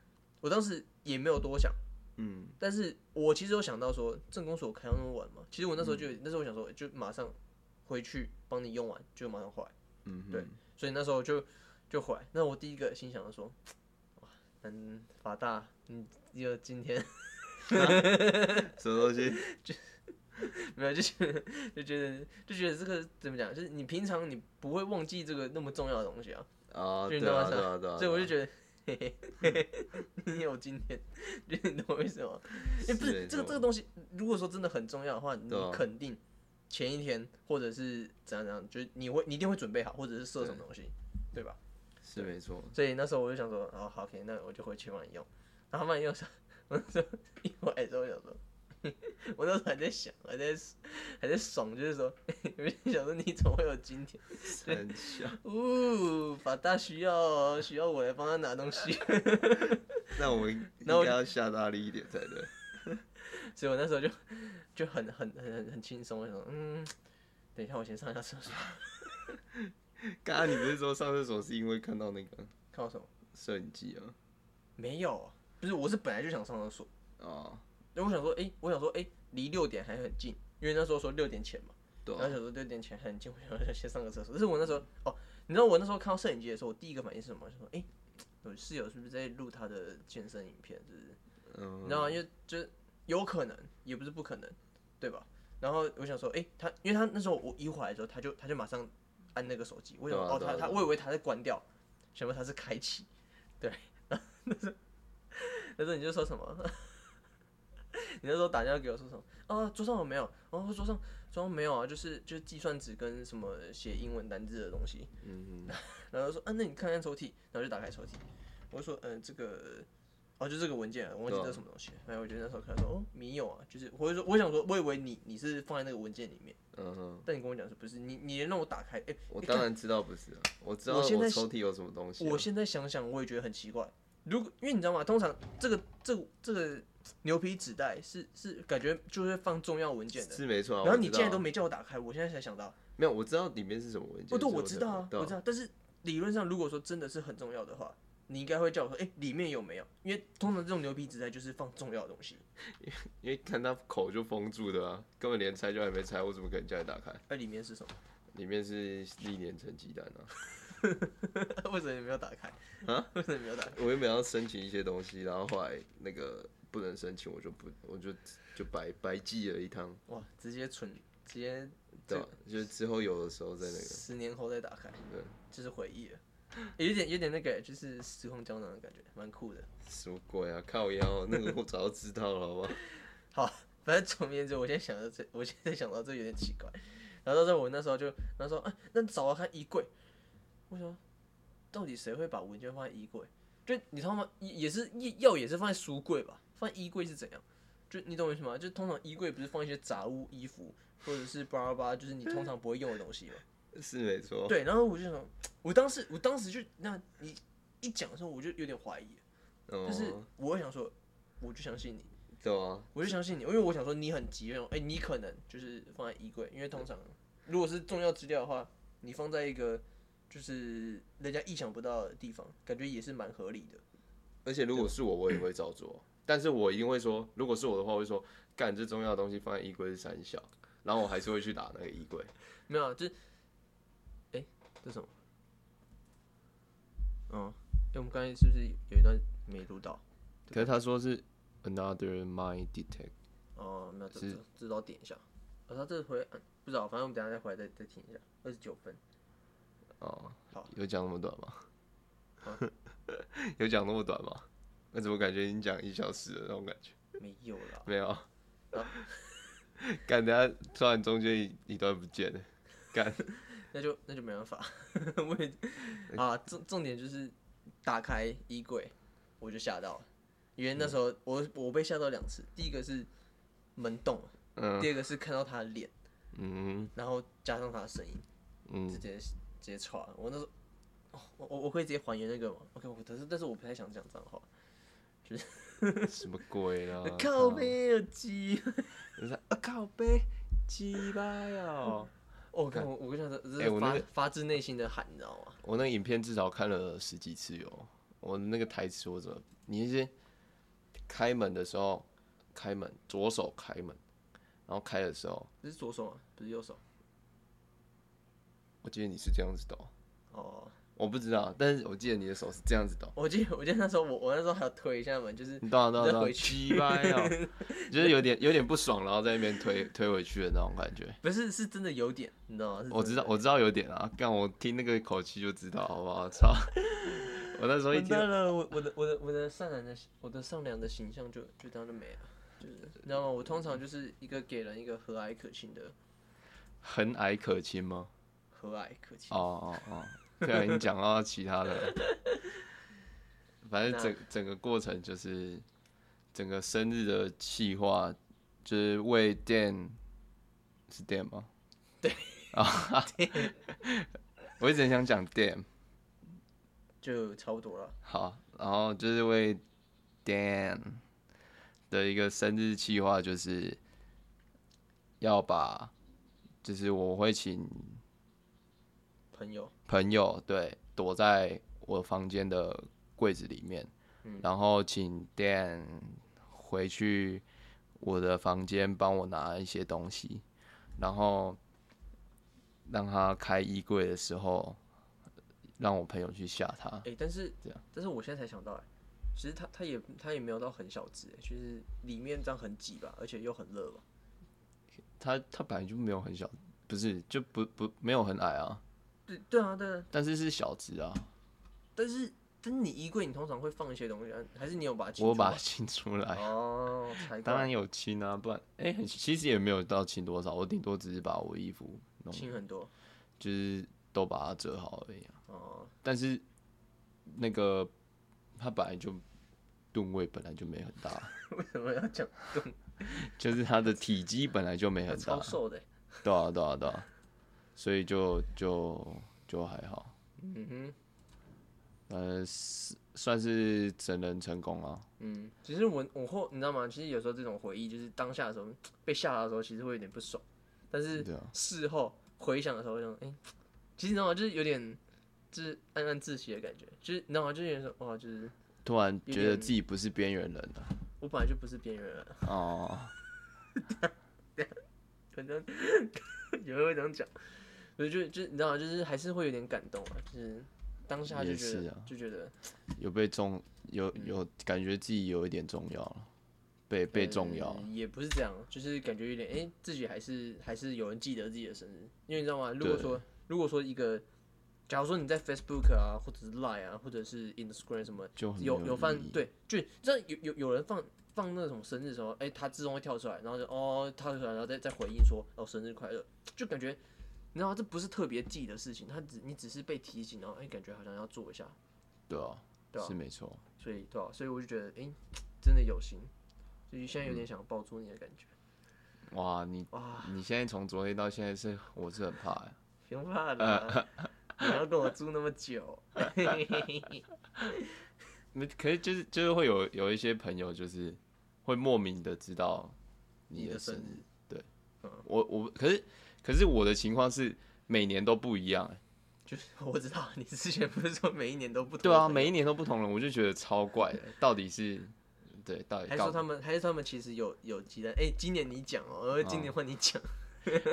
我當時也沒有多想，嗯，但是我其實有想到說，證公所開那麼晚嘛，其實我那時候就、嗯、那時候我想說，就馬上回去幫你用完，就馬上回來，嗯，對，所以那時候就就回來，那我第一個心想的說。嗯，法大，你有今天， 啊、 什麼東西？就沒有，就是就覺得就覺得這個怎麼講？就是你平常你不會忘記這個那麼重要的東西啊。啊，就你對啊，對啊，對啊。所以我就覺得，啊啊、 嘿嘿嘿嘿你有今天，就 你懂我意思嗎？因為、欸、不是，是這個這個東西，如果說真的很重要的話、啊，你肯定前一天或者是怎樣怎樣，就是你會你一定會準備好，或者是設什麼東西，對，對吧？是沒錯，所以那時候我就想說，哦，好可以。那我就回去幫你用。然後幫用上，我那時候，一回來之後，我想說，我那時候還在想，還在還在爽，就是說，我在想說，你怎麼會有今天？三笑，嗚，法大需要需要我來幫他拿東西。 那我們應該要下大力一點才對。所以我那時候就就很很很很輕鬆，我想說，嗯，等一下我先上一下廁所。 剛 剛你不是說上廁所是因為看到那個、啊？看到什麼？攝影機啊？沒有，不是，我是本來就想上廁所啊。然、oh. 後我想說，哎、欸，我想說，哎、欸，離六點還很近，因為那時候說六點前嘛。對。然後想說六點前還很近，我想想先上個廁所。但是我那時候，哦，你知道我那時候看到攝影機的時候，我第一個反應是什麼？就是說，哎、欸，我室友是不是在錄他的健身影片？是、就、不是？嗯、oh.。然後知道嗎？就就有可能，也不是不可能，對吧？然後我想說，哎、欸，他，因為他那時候我一回來的時候，他就他就馬上。按那個手機，我以為對、啊、對對哦，他他我以為他在關掉，想不到他是開啟，對， 那時候那時候你就說什麼？ 你那時候打電話給我說什麼？哦，桌上有沒有？哦，桌上桌上沒有啊，就是就是計算紙跟什麼寫英文單字的東西，嗯嗯 然後說啊，那你看看抽屜，然後就打開抽屜，我就說嗯、呃、這個。哦，就這個文件，啊，我忘記這是什麼東西，啊。哎，我覺得那時候看到說，哦，沒有啊，就是我就說，我想說，我以為你你是放在那個文件裡面，嗯、uh -huh. 但你跟我講說不是，你你讓我打開，哎，欸，我當然，欸，知道不是啊，我知道我抽屜有什麼東西，啊我。我現在想想，我也覺得很奇怪，如果因為你知道嗎，通常這個這個，這個牛皮紙袋是是感覺就是放重要文件的，是沒錯，啊。然後你竟然都沒叫我打開，我現在才想到，啊，沒有，我知道裡面是什麼文件。不，哦，對，我知道啊，我啊，我知道，但是理論上如果說真的是很重要的話。你應該會叫我說，哎、欸，裡面有沒有？因為通常這種牛皮紙袋就是放重要的東西， 因為看它口就封住的啊，根本連拆就還沒拆，我怎麼可以叫你打開？那、欸、裡面是什麼？裡面是歷年成績單啊。 為什麼也沒有打開？啊？為什麼也沒有打開？我原本要申請一些東西，然後後來那個不能申請，我就不，我就就白白寄了一趟。哇，直接存，直接對，就是之後有的時候在那個十年後再打開，對，就是回憶欸、有點有點那個，就是時空膠囊的感覺，蠻酷的。什麼鬼啊？靠腰、哦？那個我早就知道了，好吧？ 好，反正總而言之我現在想到這，我現在想到這有點奇怪。然後到時候我那時候就，他說啊，那找到他衣櫃。我說，到底誰會把文件放在衣櫃？就你懂嗎？也也是要也是放在書櫃吧？放衣櫃是怎樣？就你懂我意思嗎？就通常衣櫃不是放一些雜物、衣服，或者是叭叭叭，就是你通常不會用的東西嗎？ 是沒錯，對，然後我就想說，我當時，我當時就那你一講的時候，我就有點懷疑，就、哦、是我想說，我就相信你，對麼、啊？我就相信你，因為我想說你很急用哎、欸，你可能就是放在衣櫃，因為通常如果是重要資料的話，你放在一個就是人家意想不到的地方，感覺也是蠻合理的。而且如果是我，我也會照做、嗯，但是我一定會說，如果是我的話，我會說，幹這重要的東西放在衣櫃是三小，然後我還是會去打那個衣櫃， 沒有、啊，就。這是什麼？嗯，因為我們剛才是不是有一段沒錄到？可是他說是 another mind detect, 哦，那這是這這倒點一下。哦、他這回、嗯、不知道，反正我們等下再回來再再聽一下。二十九分。哦，好，有講那麼短嗎？啊、 有講那麼短嗎？那怎麼感覺你講一小時的那種感覺？沒有啦，沒有。幹、啊， 等下突然中間一,一段不見了，幹。 那就那就沒辦法， 我也、欸、啊重重點就是打開衣櫃，我就嚇到了。因為那時候我、嗯、我被嚇到兩次，第一個是門洞、嗯，第二個是看到他的臉、嗯嗯，然後加上他的聲音，直接、嗯、直接傳。我那時候，哦、我我我可以直接還原那個嗎？OK，但是但是我不太想講髒話，就是什麼鬼 啊，靠背雞，啊，靠背雞巴呀。 看欸、我看我跟那個發自內心的喊，你知道嗎？我那個影片至少看了十幾次有，我那個台詞我怎麼？你是些開門的時候，開門左手開門，然後開的時候，這是左手嗎？不是右手。我記得你是這樣子的。哦。我不知道，但是我記得你的手是這樣子的。哦。我記得我記得那時候我，我我那時候還要推一下門，就是你懂啊懂、啊喔、 就是有點有點不爽，然後在那邊推 推回去的那種感覺。不是是真的有點，你知道嗎？我知道我知道有點啊，但我聽那個口氣就知道，好不好？操！ 我那時候一聽到了，我我的我的我的善良的我的善良的形象就就當美、啊、就沒、是、了，你知道嗎？我通常就是一個給人一個和藹可親的，很藹可親嗎？和藹可親。哦哦哦。現在已經講到其他的了，反正整整個過程就是整個生日的計劃，就是為 Dan，是 Dan 嗎？對啊， 我一直很想講 Dan，就差不多了。好，然後就是為 Dan 的一個生日計劃，就是要把，就是我會請朋友。朋友對，躲在我房間的櫃子裡面，嗯、然後請 Dan 回去我的房間幫我拿一些東西，然後讓他開衣櫃的時候，讓我朋友去嚇他、欸。但是，但是我現在才想到、欸，哎，其實他他也他也沒有到很小只、欸，就是裡面這樣很擠吧，而且又很熱。他他本來就沒有很小，不是就不不沒有很矮啊。對對啊，對啊，但是是小隻啊。但是，但是你衣櫃你通常會放一些東西、啊，還是你有把它？我把它清出來哦、oh,，當然有清啊，不然哎、欸，其實也沒有到清多少，我頂多只是把我衣服弄清很多，就是都把它折好而已、啊。哦、oh.，但是那個它本來就噸位本來就沒很大， 為什麼要講噸？就是它的體積本來就沒很大， 很超瘦的，對啊對啊對啊。所以就就就還好，嗯哼，呃，是算是整人成功啊。嗯，其實我我後，你知道嗎？其實有時候這種回憶，就是當下的時候被嚇到的時候，其實會有點不爽。但是事後回想的時候，就哎、啊欸，其實你知道嗎？就是有點，就是暗暗自喜的感覺。就是你知道嗎？就是有說，哇，就是突然覺得自己不是邊緣人了。我本來就不是邊緣人。哦， 可能有人會這樣講。所以就就你知道嗎，就是還是會有點感動啊，就是當下就覺得是、啊、就覺得有被重有有感覺自己有一點重要、嗯、被被重要、嗯、也不是這樣，就是感覺有點哎、欸、自己還是還是有人記得自己的生日，因為你知道嗎？如果說如果說一個假如說你在 Facebook 啊，或者是 Line 啊，或者是 Instagram 什麼就有有放對，就這樣有有有人放放那種生日的時候，哎、欸，他自動會跳出來，然後就哦跳出來，然後再再回應說哦生日快樂，就感覺。你知道嗎？這不是特別記的事情，他只你只是被提醒，然後哎、欸，感覺好像要做一下，對啊，對啊是沒錯，所以對啊，所以我就覺得哎、欸，真的有心，所以現在有點想要抱住你的感覺。嗯、哇，你哇，你現在從昨天到現在是我是很怕呀，不怕的、啊嗯。你要跟我住那麼久。那 可是就是就是會有有一些朋友就是會莫名的知道你的生日，對、嗯、我我可是。可是我的情況是每年都不一樣、欸，就是我知道你之前不是說每一年都不同，對啊，每一年都不同了，我就覺得超怪的， 到底是對，到底是還說他們還是他們其實有有記得，哎、欸，今年你講哦、喔呃嗯，今年換你講，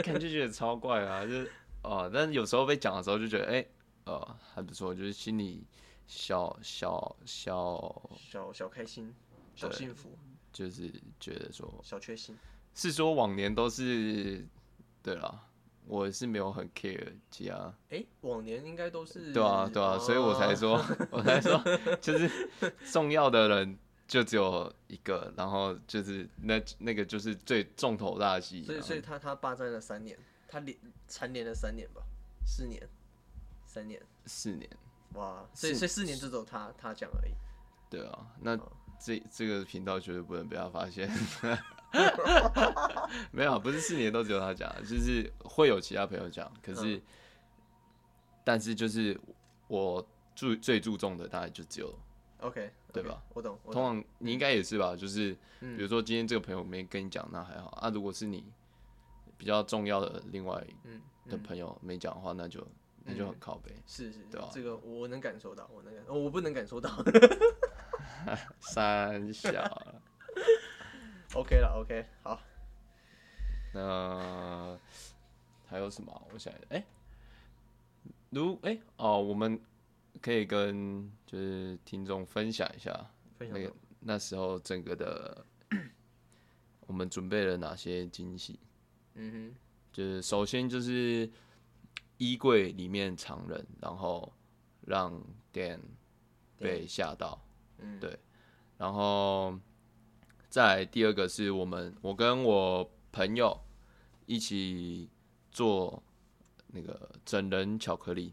看就覺得超怪啊， 就是哦、呃，但有時候被講的時候就覺得哎，哦、欸呃，還不錯，就是心裡小小小小小開心，小幸福，就是覺得說小確幸，是說往年都是。對啦，我是沒有很 care 家，哎、欸，往年應該都是，就是，對啊對啊，哦，所以我才說 我才說就是重要的人就只有一個，然後就是那那個就是最重頭大戲，所以所以他他霸佔了三年，他連蟬聯了三年吧，四年，三年，四年，哇，所以所以四年就只有他他講而已，對啊，那。嗯這這個頻道絕對不能被他發現， 沒有，不是四年都只有他講，就是會有其他朋友講，可是，嗯、但是就是我注最注重的大概就只有，OK，對吧？okay, 我懂，我懂，通常你應該也是吧？就是、嗯、比如說今天這個朋友沒跟你講，那還好啊。如果是你比較重要的另外的朋友沒講的話，那就那就很靠北，嗯、okay, 是是，對吧？這個我能感受到，我能感，我不能感受到。 三小、啊、 ，OK 了，OK，好。 那還有什麼？我想，哎、欸，如，哎、欸，哦，我們可以跟就是聽眾分享一下，分享那個那時候整個的，我們準備了哪些驚喜？嗯哼，就是首先就是衣櫃裡面藏人，然後讓 Dan 被嚇到。對，然後再來第二個是我們我跟我朋友一起做那個整人巧克力。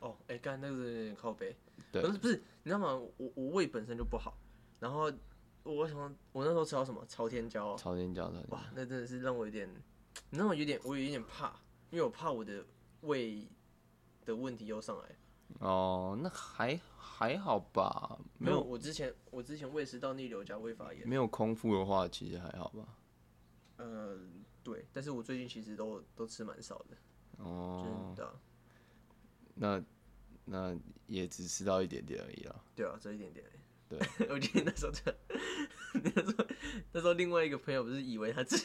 哦，哎、欸，剛才那個是靠北。對，不是不是，你知道嗎？我我胃本身就不好，然後我為什麼？我那時候吃到什麼朝？朝天椒。朝天椒，哇，那真的是讓我有點，你知道我有點，我有一點怕，因為我怕我的胃的問題又上來。哦，那還還好吧，沒有，我之前我之前胃食道逆流加胃發炎，沒有空腹的話其實還好吧。嗯，對，但是我最近其實都都吃蠻少的。哦，真的，就是，對啊，那那也只吃到一點點而已啦。對啊，只有一點點。對，我記得那時候，那時候那時候另外一個朋友不是以為他吃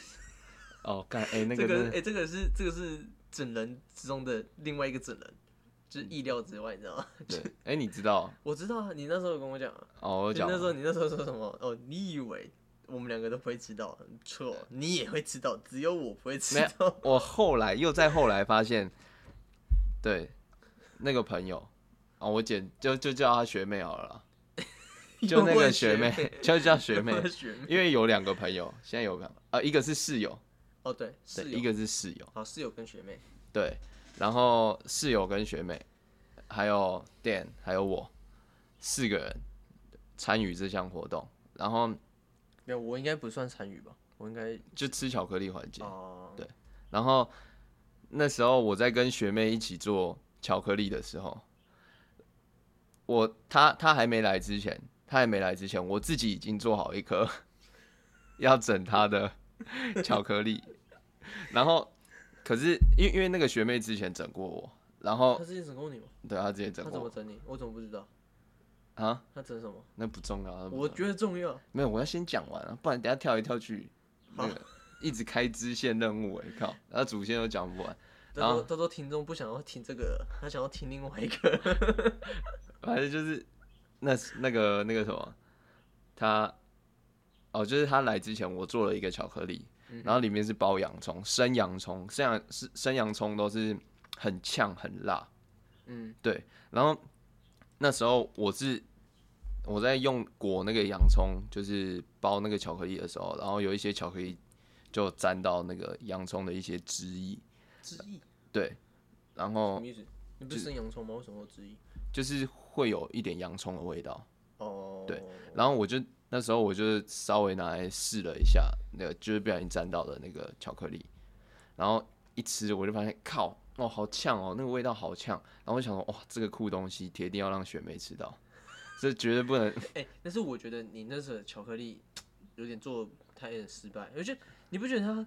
哦，幹哎、欸、那個哎、這個欸、這個是這個是整人之中的另外一個整人。就意料之外，你知道嗎？對，哎、欸，你知道？ 我知道啊，你那時候有跟我講，哦我講，就那時候你那時候說什麼？哦，你以為我們兩個都不會知道，錯，你也會知道，只有我不會知道。沒有，我後來又再後來發現， 對，那個朋友，啊、哦，我姐就就叫她學妹好了， 就那個學妹，有沒有學妹，就叫學妹，有沒有學妹，因為，有兩個朋友，現在有兩個啊、呃，一個是室友，哦對，對，一個是室友，好，室友跟學妹，對。然後室友跟學妹，還有 Dan，還有我，四個人參與這項活動。然後，沒有，我應該不算參與吧？我應該就吃巧克力環節。Uh... 對。然後那時候我在跟學妹一起做巧克力的時候，我他他還沒來之前，他還沒來之前，我自己已經做好一顆要整他的巧克力，然後。可是因為因為那個學妹之前整過我，然後她之前整過你嗎？對，她之前整過我。她怎麼整你？我怎麼不知道？啊？她整什麼那？那不重要。我覺得重要。沒有，我要先講完啊，不然等下跳一跳去那個 一直開支線任務我、欸、靠！那主線又講不完。 然後他說聽眾不想要聽這個，他想要聽另外一個。反正就是那那個那個什麼，他哦，就是他來之前我做了一個巧克力。然後裡面是包洋蔥，生洋蔥，生洋生生洋蔥都是很嗆很辣，嗯，對。然後那時候我是我在用裹那個洋蔥，就是包那個巧克力的時候，然後有一些巧克力就沾到那個洋蔥的一些汁液。汁液？對。然後你不是生洋蔥嗎？為什麼？就是會有一點洋蔥的味道。哦。對。然後我就。那時候我就是稍微拿來試了一下，那個就是不小心沾到的那個巧克力，然後一吃我就發現靠哦好嗆哦那個味道好嗆，然後我想說哇、哦、這個酷東西鐵定要讓雪梅吃到，所以絕對不能 。哎、欸，但是我覺得你那時候巧克力有點做太失敗，而且你不覺得它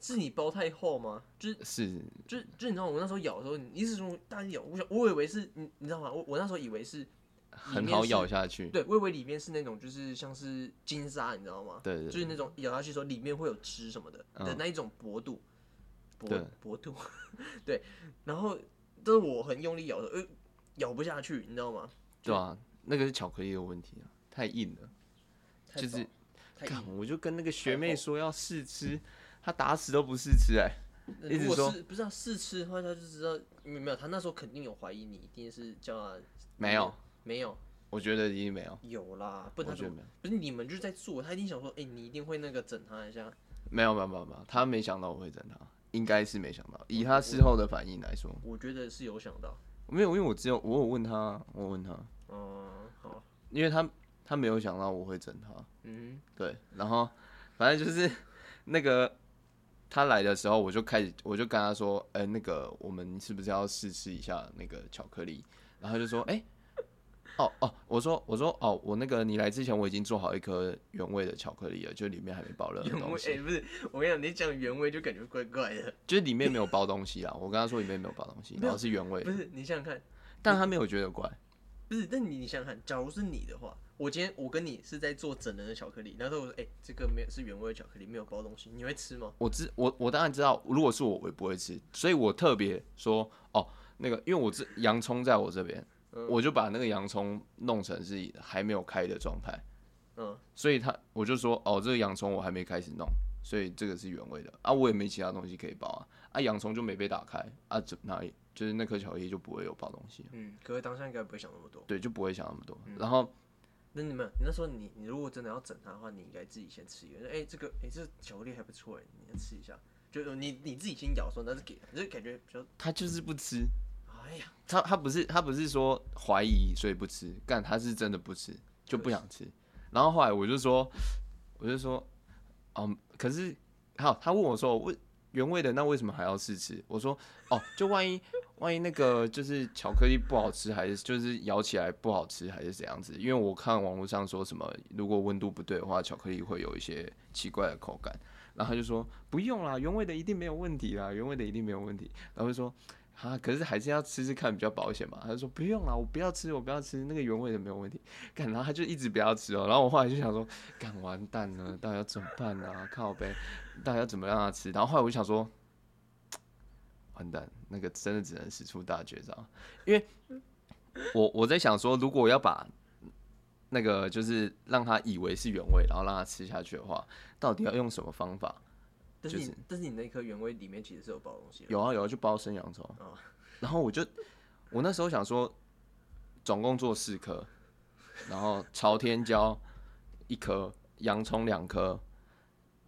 是你包太厚嗎？就是是就是就是你知道我那時候咬的時候，你是從大咬，我想我以為是你你知道嗎？我我那時候以為是。很好咬下去，對，微微裡面是那種就是像是金沙，你知道嗎？對,對,對，就是那種咬下去時候裡面會有汁什麼的的那一種薄度，嗯、薄薄度， 對。然後但是我很用力咬，呃，咬不下去，你知道嗎？對啊，那個是巧克力有問題啊，太硬了，就是，太,太。我就跟那個學妹說要試吃，她、嗯、打死都不試吃哎、欸，我是 不知道、啊、試吃的話她就知道，沒有，她那時候肯定有懷疑你一定是叫她沒有。沒有，我覺得已經沒有。有啦，不他，我覺得沒有。不是你們就在做，他一定想說，哎、欸，你一定會那個整他一下。沒有，沒有，沒有，他沒想到我會整他，應該是沒想到。以他事後的反應來說，我我，我覺得是有想到。沒有，因為我只有我，有問他，我問他，哦、嗯，好，因為他他沒有想到我會整他，嗯，對。然後反正就是那個他來的時候，我就開始我就跟他說，哎、欸，那個我們是不是要試吃一下那個巧克力？然後就說，哎、欸。哦哦，我說我說哦，我那個你來之前我已經做好一顆原味的巧克力了，就裡面還沒包任何東西。欸、不是我跟你講，你講原味就感覺怪怪的。就是裡面沒有包東西啊，我跟他說裡面沒有包東西， 然後是原味。不是你想想看，但他沒有覺得怪，不是？但你你想想看，假如是你的話，我今天我跟你是在做整人的巧克力，然後我說，哎、欸，這個沒有，是原味的巧克力，沒有包東西，你會吃嗎？我知我我當然知道，如果是我，我也不會吃，所以我特別說哦，那個，因為我這洋蔥在我這邊。嗯、我就把那個洋蔥弄成是還沒有開的狀態，嗯，所以他我就說，哦，這個洋蔥我還沒開始弄，所以這個是原味的啊，我也沒其他東西可以包啊，啊，洋蔥就沒被打開啊，就哪一就是那顆巧克力就不會有包東西、啊，嗯，可是當下應該不會想那麼多，對，就不會想那麼多，嗯、然後，那你們，你那時候你你如果真的要整他的話，你應該自己先吃一個，哎、欸，這個哎、欸、這個、巧克力還不錯哎、欸，你先吃一下，就你你自己先咬的時候，那是給，就是、感覺比較，他就是不吃。他他不是他不是說懷疑，所以不吃，但他是真的不吃，就不想吃。然後後來我就說，我就說，嗯，可是，好，他問我說，為原味的那為什麼還要試吃？我說，哦，就萬一萬一那個就是巧克力不好吃，還是就是咬起來不好吃，還是怎樣子？因為我看網絡上說什麼，如果溫度不對的話，巧克力會有一些奇怪的口感。然後他就說不用啦，原味的一定沒有問題啦，原味的一定沒有問題。然後就說。啊，可是還是要吃吃看比較保險嘛。他就說不用啦，我不要吃，我不要吃那個原味的沒有問題。然後他就一直不要吃哦、喔。然後我後來就想說，幹完蛋了，到底要怎麼辦啊？靠北，到底要怎麼讓他吃？然後後來我就想說，完蛋，那個真的只能使出大絕招。因為我我在想說，如果我要把那個就是讓他以為是原味，然後讓他吃下去的話，到底要用什麼方法？是就是，但是你那顆原味裡面其實是有包東西。有啊有啊，就包生洋蔥，哦。然後我就，我那時候想說，總共做四顆，然後朝天椒一顆，洋蔥兩顆，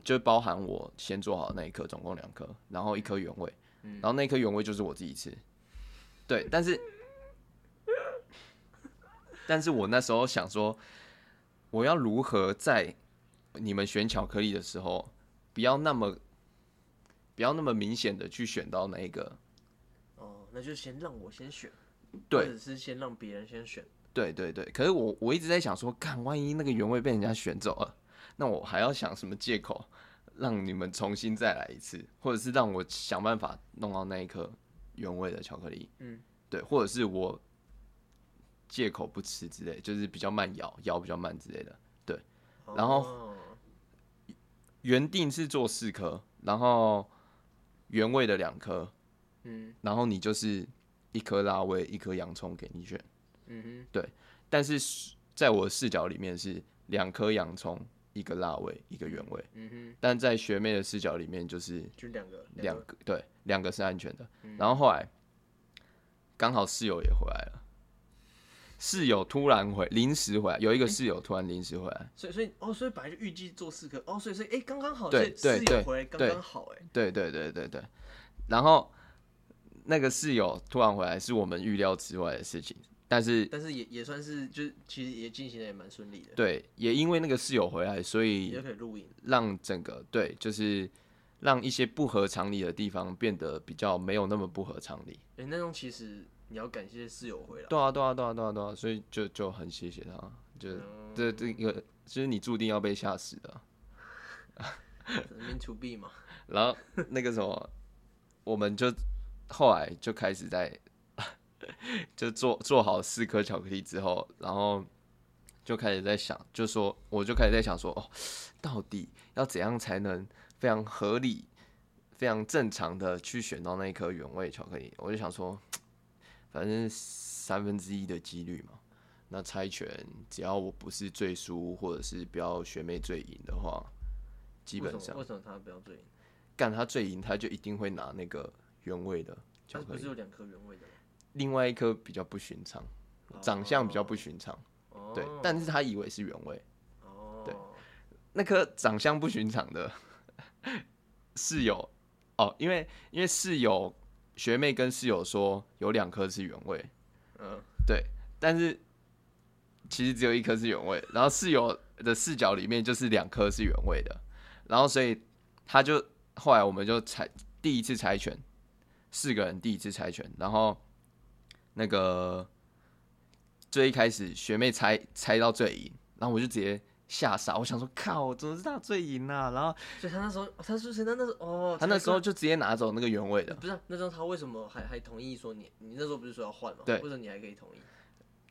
就包含我先做好的那一顆，總共兩顆，然後一顆原味，嗯，然後那顆原味就是我自己吃。對，但是， 但是我那時候想說，我要如何在你們選巧克力的時候，不要那麼。不要那麼明顯的去選到哪一個哦，那就先讓我先選，對，是先讓別人先選。對對對，可是我我一直在想說，看萬一那個原味被人家選走了，那我還要想什麼借口讓你們重新再來一次，或者是讓我想辦法弄到那一顆原味的巧克力。嗯，對，或者是我借口不吃之類，就是比較慢咬，咬比較慢之類的。對，哦，然後原定是做四顆，然後。原味的兩顆，嗯，然後你就是一顆辣味，一顆洋蔥給你選，嗯哼，對。但是在我的視角裡面是兩顆洋蔥，一個辣味，一個原味，嗯，嗯哼。但在學妹的視角裡面就是兩個，就兩個，兩個對，兩個是安全的。嗯，然後後來剛好室友也回來了。室友突然回，臨時回來，有一個室友突然臨時回來，欸、所以所以哦，所以本來就預計做四個哦，所以所以哎，剛、欸、剛好，對室友回來剛剛好、欸，哎，對，對對對對對，然後那個室友突然回來是我們預料之外的事情，但是但是也也算是，就其實也進行的也蠻順利的，對，也因為那個室友回來，所以也可以錄影，讓整個對，就是讓一些不合常理的地方變得比較沒有那麼不合常理，哎、欸，那種其實。你要感謝室友回來。對啊，對啊，對啊，對啊，對啊，所以就就很謝謝他，就是這、um... 這個，其實、就是你註定要被嚇死的。Mean to be 嘛。然後那個什麼，我們就後來就開始在 就做做好四顆巧克力之後，然後就開始在想，就說我就開始在想說，哦，到底要怎樣才能非常合理、非常正常的去選到那一顆原味巧克力？我就想說。反正三分之一的幾率嘛，那猜拳只要我不是最輸或者是不要學妹最贏的話，基本上為什麼他不要最贏？幹他最贏，他就一定會拿那個原味的。他不是有兩顆原味的，另外一顆比較不尋常，oh. 長相比較不尋常，oh. 對，但是他以為是原味，oh. 對，那顆長相不尋常的室 友，哦，因為因為室友。學妹跟室友說有兩顆是原味，嗯，對，但是其實只有一顆是原味，然後室友的視角裡面就是兩顆是原味的，然後所以他就，後來我們就猜，第一次猜拳，四個人第一次猜拳，然後那個，最一開始學妹猜猜到最贏，然後我就直接。嚇傻！我想說，靠，怎麼知道他最贏呢？然後，所以他那時候，他是誰呢？那時候，哦，他那時候就直接拿走那個原味的。不是、啊，那時候他為什麼還還同意說你？你那時候不是說要換嗎？為什麼你還可以同意？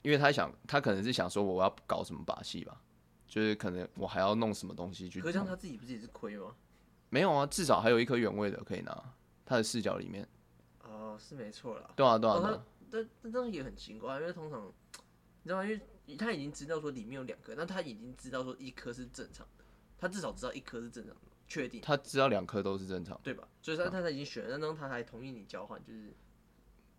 因為他想，他可能是想說，我要搞什麼把戲吧？就是可能我還要弄什麼東西去。可是他自己不自己是也是虧嗎？沒有啊，至少還有一顆原味的可以拿。他的視角裡面，哦，是沒錯啦。對啊，對啊，對、哦、啊。但那那，那也很奇怪，因為通常，你知道嗎？因為。他已經知道說裡面有兩顆，那他已經知道說一顆是正常的，他至少知道一顆是正常的，確定。他知道兩顆都是正常，對吧？所以，他他才已經選了，那、嗯、他他還同意你交換，就是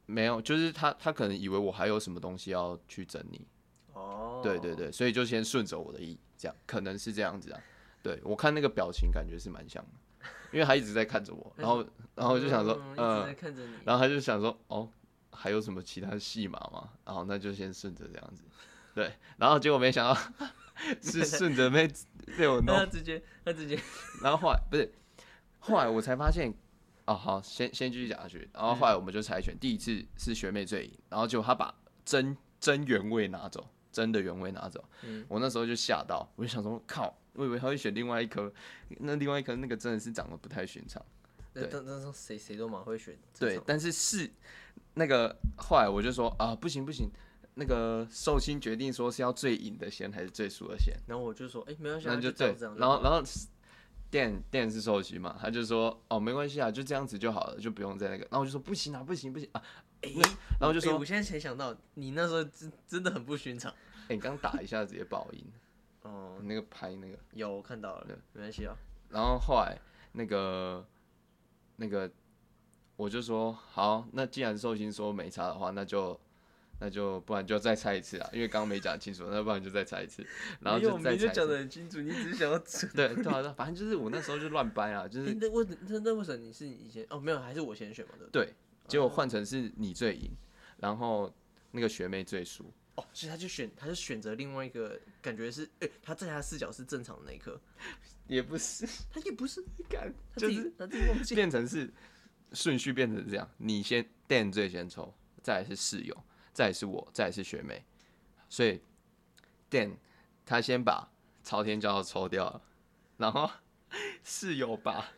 沒有，就是他他可能以為我還有什麼東西要去整你哦，對對對，所以就先順着我的意，這樣可能是這樣子啊。對我看那個表情，感覺是蠻像的，因為他一直在看着我， 然後然後就想說，嗯嗯、一直在看着你、嗯，然後他就想說，哦，還有什麼其他戲碼嗎？然後那就先順着這樣子。對，然後結果沒想到 是順妹著被 被我弄他，他直接他直接，然後後來不是，後來我才發現哦，好，先先繼續講下去。然後後來我們就猜選，第一次是學妹最贏，然後結果她把真真原味拿走，真的原味拿走，嗯。我那時候就嚇到，我就想說靠，我以為他會選另外一顆，那另外一顆那個真的是長得不太尋常。對，但但是誰誰都蠻會選。對，但是是那個後來我就說啊，不行不行。那個壽星決定說是要最贏的線還是最輸的線，然後我就說哎，欸、沒關係，那就，就這樣這樣子，對，然後然後電電是壽星嘛，他就說哦，沒關係啊，就這樣子就好了，就不用再那個，然後我就說不行啊，不行不行啊，哎、欸，然後就說，欸、我現在才想到，你那時候真真的很不尋常，哎、欸，你剛打一下子直接爆音，哦、 嗯，那個拍那個有，我看到了，對，沒關係啊，然後後來那個那個我就說好，那既然壽星說沒差的話，那就。那就不然就再猜一次啊，因為剛剛沒講清楚。那不然就再猜一次，然後就再猜一次。就講的很清楚， 你只是想要。對對啊，反正就是我那時候就亂掰啊，就是、欸、那為那那為什麼你是以前哦？沒有，還是我先選嘛？對，不對。對，結果換成是你最贏，然後那個學妹最輸。哦，所以他就選，他就選擇另外一個，感覺是誒、欸，他在他視角是正常的那顆，也不是，他也不是敢，就是他變成是順序變成這樣，你先 Dan 最先抽，再來是室友。再是我，再是學妹，所以 Dan 他先把朝天椒抽掉了，然後室友把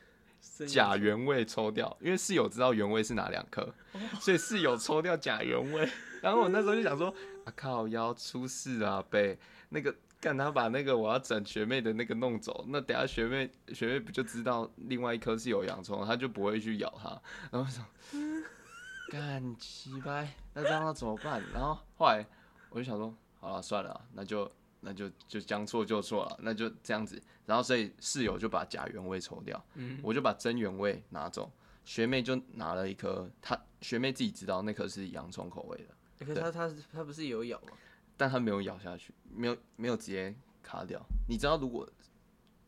假原味抽掉，因為室友知道原味是哪兩顆，哦、所以室友抽掉假原味。哦、然後我那時候就想說， 啊靠腰，要出事啊，被那個看他把那個我要整學妹的那個弄走，那等下學妹學妹不就知道另外一顆是有洋蔥，他就不會去咬它。然後說幹雞掰，那這樣要怎麼辦？然後後來我就想說，好了算了啦，那就那就就將錯就錯了，那就這樣子。然後所以室友就把假原味抽掉，嗯，我就把真原味拿走。學妹就拿了一顆，她學妹自己知道那顆是洋蔥口味的。可是她她她不是有咬嗎？但她沒有咬下去，沒有沒有直接卡掉。你知道如果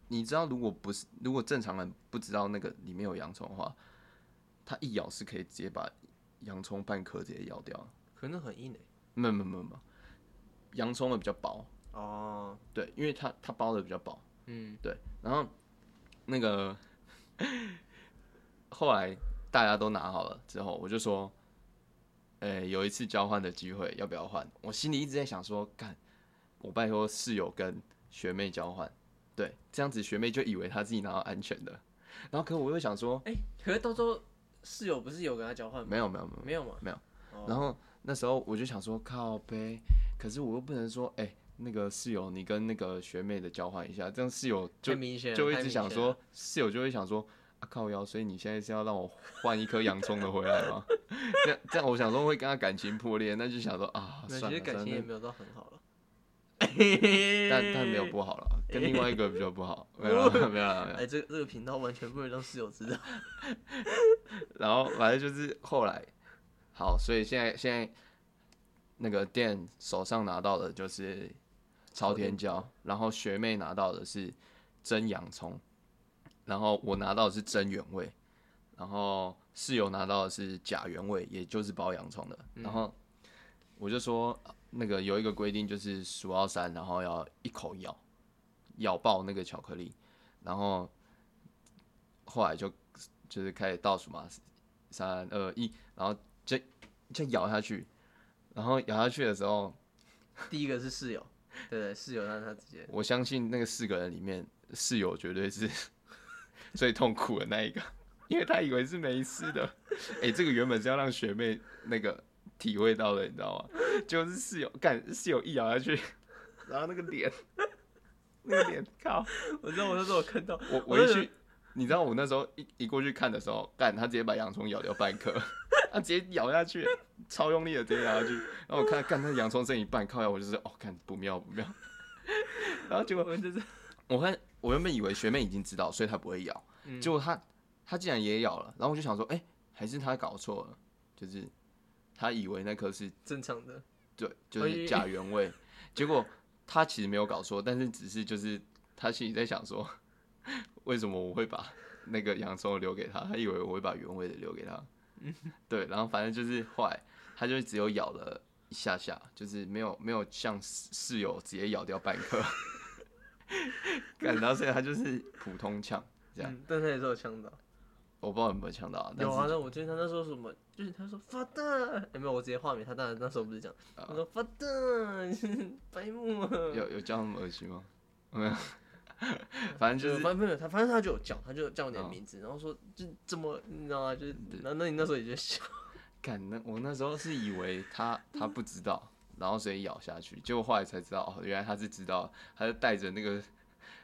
你知道如果不是如果正常人不知道那個裡面有洋蔥的話，她一咬是可以直接把。洋蔥半殼直接咬掉了，可能很硬哎、欸。沒有沒有沒有，洋蔥的比較薄哦。Oh. 對，因為它它包的比較薄。嗯，對。然後那個後來大家都拿好了之後，我就說，哎、欸，有一次交換的機會，要不要換？我心裡一直在想說，幹，我拜託室友跟學妹交換，對，這樣子學妹就以為她自己拿到安全的。然後可我又想說，哎、欸，可是都說。室友不是有跟他交換嗎？沒有沒有沒有沒有沒有。沒有，然後那時候我就想說靠杯，可是我又不能說哎、欸、那個室友，你跟那個學妹的交換一下，這樣室友就就一直想說室友就會想說、啊、靠腰，所以你現在是要讓我換一顆洋蔥的回來嗎？這樣，這樣我想說會跟他感情破裂，那就想說啊算了，那其實感情也沒有到很好了，但但沒有不好了。跟另外一個比較不好， 沒有沒有沒有。哎，這個這個頻道完全不能讓室友知道。然後，反正就是後來，好，所以現在現在，那個店手上拿到的就是朝天椒，然後學妹拿到的是真洋蔥，然後我拿到的是真原味，然後室友拿到的是假原味，也就是包洋蔥的。然後我就說，那個有一個規定就是數到三，然後要一口一咬。咬爆那個巧克力，然後後來就就是開始倒數嘛，三二一，然後就就咬下去，然後咬下去的時候，第一個是室友， 對,對對，室友讓他直接，我相信那個四個人裡面，室友絕對是最痛苦的那一個，因為他以為是沒事的，哎、欸，這個原本是要讓學妹那個體會到的，你知道嗎？就是室友幹，室友一咬下去，然後那個臉。 那個臉靠， 我知道我那時候看到，我我一去， 你知道我那時候一一過去看的時候，幹他直接把洋蔥咬掉半顆， 他直接咬下去，超用力的直接咬下去，然後我看幹那洋蔥剩一半，靠下我就是哦，看不妙不妙，不妙 然後結果我就是我，我看我原本以為學妹已經知道，所以她不會咬，嗯、結果她她竟然也咬了，然後我就想說，哎、欸，還是他搞錯了，就是他以為那顆是正常的，對，就是假原味， 結果。他其實沒有搞錯，但是只是就是他心裡在想說，為什麼我會把那個洋蔥留給他？他以為我會把原味的留給他。嗯、對，然後反正就是壞，他就只有咬了一下下，就是沒有沒有像室友直接咬掉半顆，感 到， 所以他就是普通嗆這樣。嗯、但他也是有嗆到。我不知道有沒有嗆到、啊，有啊！那我記得他那時候什麼，就是他說“法大，有沒有？我直接畫面他當時那時候不是講、啊，他說“法大、uh, 白目。有有叫那麼噁心嗎？沒有，反正就是……沒沒有他，反正他就有叫，他就叫你的名字，哦、然後說就這麼，你知道嗎、啊？就是那那你那時候也在笑？看那我那時候是以為他他不知道，然後所以咬下去， 結果後來才知道，哦，原來他是知道，他是帶着那個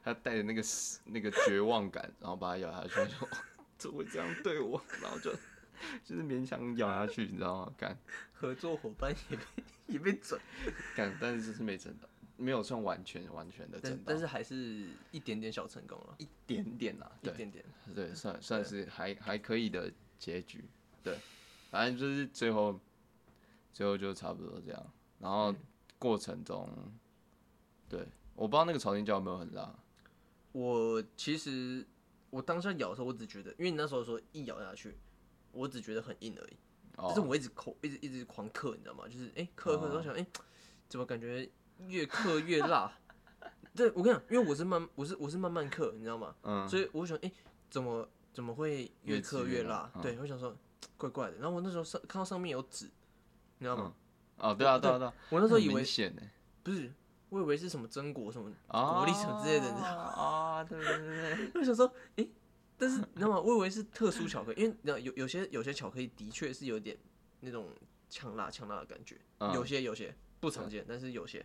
他帶着那個那個絕望感，然後把它咬下去那種。 怎麼會這樣對我，然後就就是勉強咬下去，你知道嗎？幹合作夥伴也被也被整，幹但是就是沒整到，沒有算完全完全的整到，但是還是一點點小成功了，啊，一點點啦，啊，一點點，對，對算算是還還可以的結局，對，反正就是最後最後就差不多這樣，然後過程中，嗯、對我不知道那個朝天椒有沒有很辣，我其實。我當下咬的時候，我只覺得，因為你那時候說一咬下去，我只覺得很硬而已。就、oh. 是我一直口一直一直狂嗑，你知道嗎？就是誒，哎、欸，嗑嗑都想誒、欸，怎麼感覺越嗑越辣？ 對，我跟你講，因為我是慢，我是我是慢慢嗑，你知道嗎？嗯、所以我想誒、欸，怎麼怎麼會越嗑越，越辣，越越辣、嗯？對，我想說怪怪的。然後我那時候上看到上面有紙，你知道嗎？哦、嗯 oh, 啊，對啊，對啊，對，啊我對，對，啊對啊。我那時候以為不是。我以為是什麼榛果、什麼果粒、oh, 什麼之類的。啊、oh,，oh, 對對對，對我想說，誒、欸，但是你知道嗎？我以為是特殊巧克力，因為你知道有有些有些巧克力的確是有點那種嗆辣、嗆辣的感覺。Oh, 有些有些不常見，但是有些。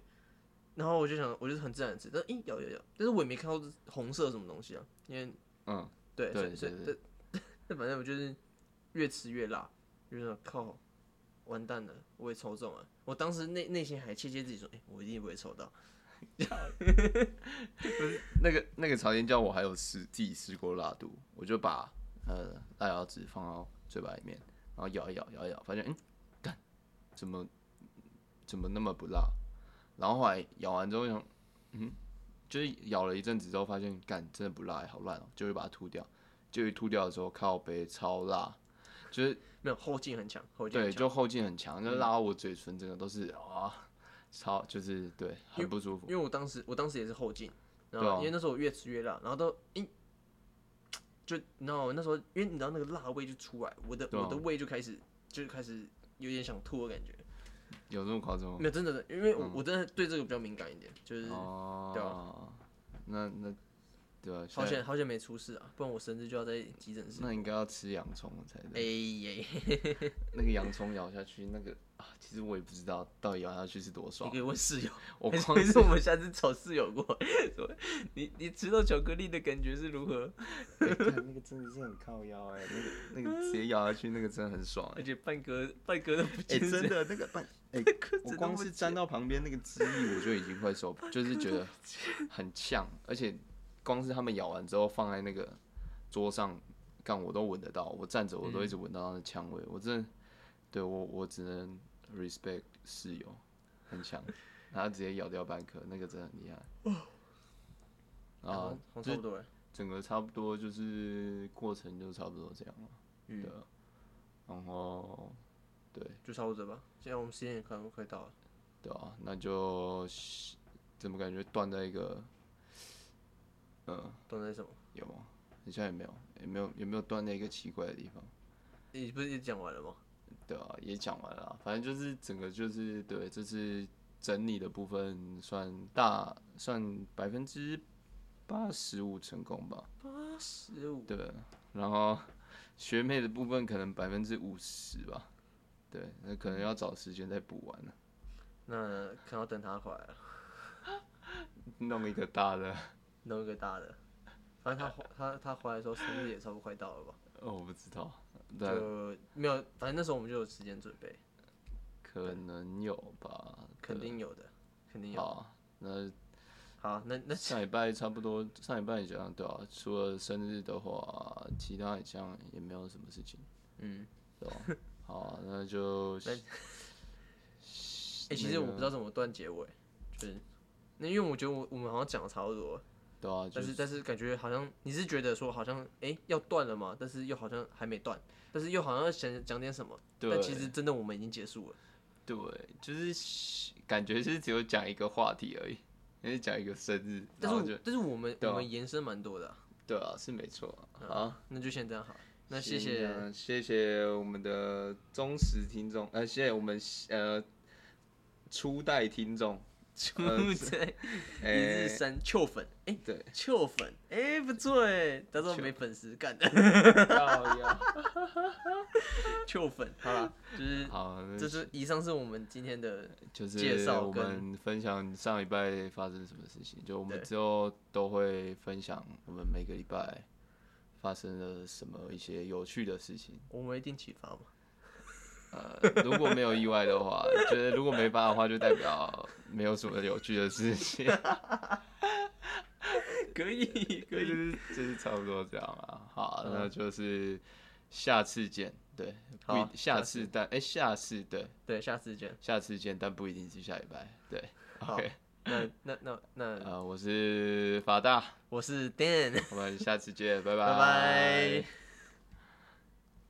然後我就想，我就很自然的吃，但咦，有有有，但是我也沒看到紅色什麼東西啊。因為，嗯、oh,，對對對對，那反正我就是越吃越辣，就是靠。完蛋了，我也抽中了。我當時內內心還竊竊自己說，哎、欸，我一定不會抽到。 不是那個那個朝天椒，我還有試自己試過辣度，我就把呃辣椒籽放到嘴巴裡面，然後咬一咬，咬，咬一咬，發現嗯，幹怎麼怎麼那麼不辣？然後後來咬完之後，嗯，就是咬了一陣子之後，發現幹真的不辣，好爛哦、喔，就會把它吐掉。就一吐掉的時候，靠背超辣，就是。沒有後勁很強，後勁對，就後勁很強，就辣到我嘴唇整個都是啊、嗯，超就是對，很不舒服。因為我當時，我當時也是後勁，然後、哦、因為那時候我越吃越辣，然後都一、欸、就 no 那時候，因為你知道那個辣味就出來，我的、哦、我的胃就開始就開始有點想吐的感覺。有這麼誇張嗎？沒有，真的，真的因為我、嗯、我真的對這個比較敏感一點，就是、哦、對吧、啊？那那。啊，好險好險沒出事啊，不然我生日就要在急診室。那應該要吃洋蔥了才對。哎耶，那個洋蔥咬下去，那個啊，其實我也不知道到底咬下去是多爽。你可以問室友，我光是，是我們下次找室友過，說你你吃到巧克力的感覺是如何？欸、那個真的是很靠腰哎、欸，那個那個直接咬下去，那個真的很爽、欸。而且半格半格都不哎、欸，真的那個半哎、欸、我光是沾到旁邊那個汁液，我就已經會說就是覺得很嗆，而且。光是他們咬完之後放在那個桌上乾，我都聞得到。我站着我都一直聞到他的香味，嗯，我真的對我我只能 respect 室友，很強。 然後他直接咬掉半顆，那個真的很厲害。啊，差不多，整個差不多就是過程就差不多這樣了。嗯，對，然後對，就差不多這吧。現在我們時間也快快到了，對啊，那就怎麼感覺斷在一個？嗯，斷在什麼？有嗎？你現在有沒有，有沒有，有沒有斷在一個奇怪的地方？你不是也講完了嗎？對啊，也講完了。反正就是整個就是對，這次整理的部分算大，算百分之八十五成功吧。八十五？對，然後學妹的部分可能百分之五十吧。對，那可能要找時間再補完了。那可能要等他回來了，弄 一個大的。 弄一個大的，反正他他他回來的時候生日也差不多快到了吧？哦，我不知道，對，沒有，反正那時候我們就有時間準備。可能有吧、嗯。肯定有的，肯定有的。好，那好，那那上禮拜差不多， 上禮拜也這樣，對吧、啊？除了生日的話，其他好像也沒有什麼事情，嗯，對吧、啊？ 好，那就哎、 欸，其實我不知道怎麼斷結尾，就是那因為我覺得我我們好像講得差不多。對啊就是，但是但是感覺好像你是覺得說好像哎、欸，要斷了嗎？但是又好像還沒斷，但是又好像想講點什麼，但其實真的我們已經結束了。對，就是感覺就是只有講一個話題而已，是講一個生日。但是但是我們、啊、我們延伸蠻多的、啊。對啊，是沒錯、啊嗯。好，那就先這樣好了、啊，那謝謝、啊、謝謝我們的忠實聽眾，呃，謝謝我們呃初代聽眾。就一日三秋粉哎，對，秋粉哎，不錯哎，他說沒粉絲乾的，要要，秋粉，好了，就是好，這是以上是我們今天的就是介紹跟分享上禮拜發生什麼事情，就我們之後都會分享我們每個禮拜發生了什麼一些有趣的事情，我們一定啟發嘛。呃， 如果沒有意外的話， 覺得如果沒辦法的話，就代表沒有什麼有趣的事情。 可以，可以，就是、就是、差不多這樣了。好、嗯，那就是下次見。對，好，下次但哎、欸，下次對，對，下次見，下次見，但不一定是下禮拜。對好，OK。那那那那，呃，我是法大，我是 Dan， 我們下次見，拜拜。拜拜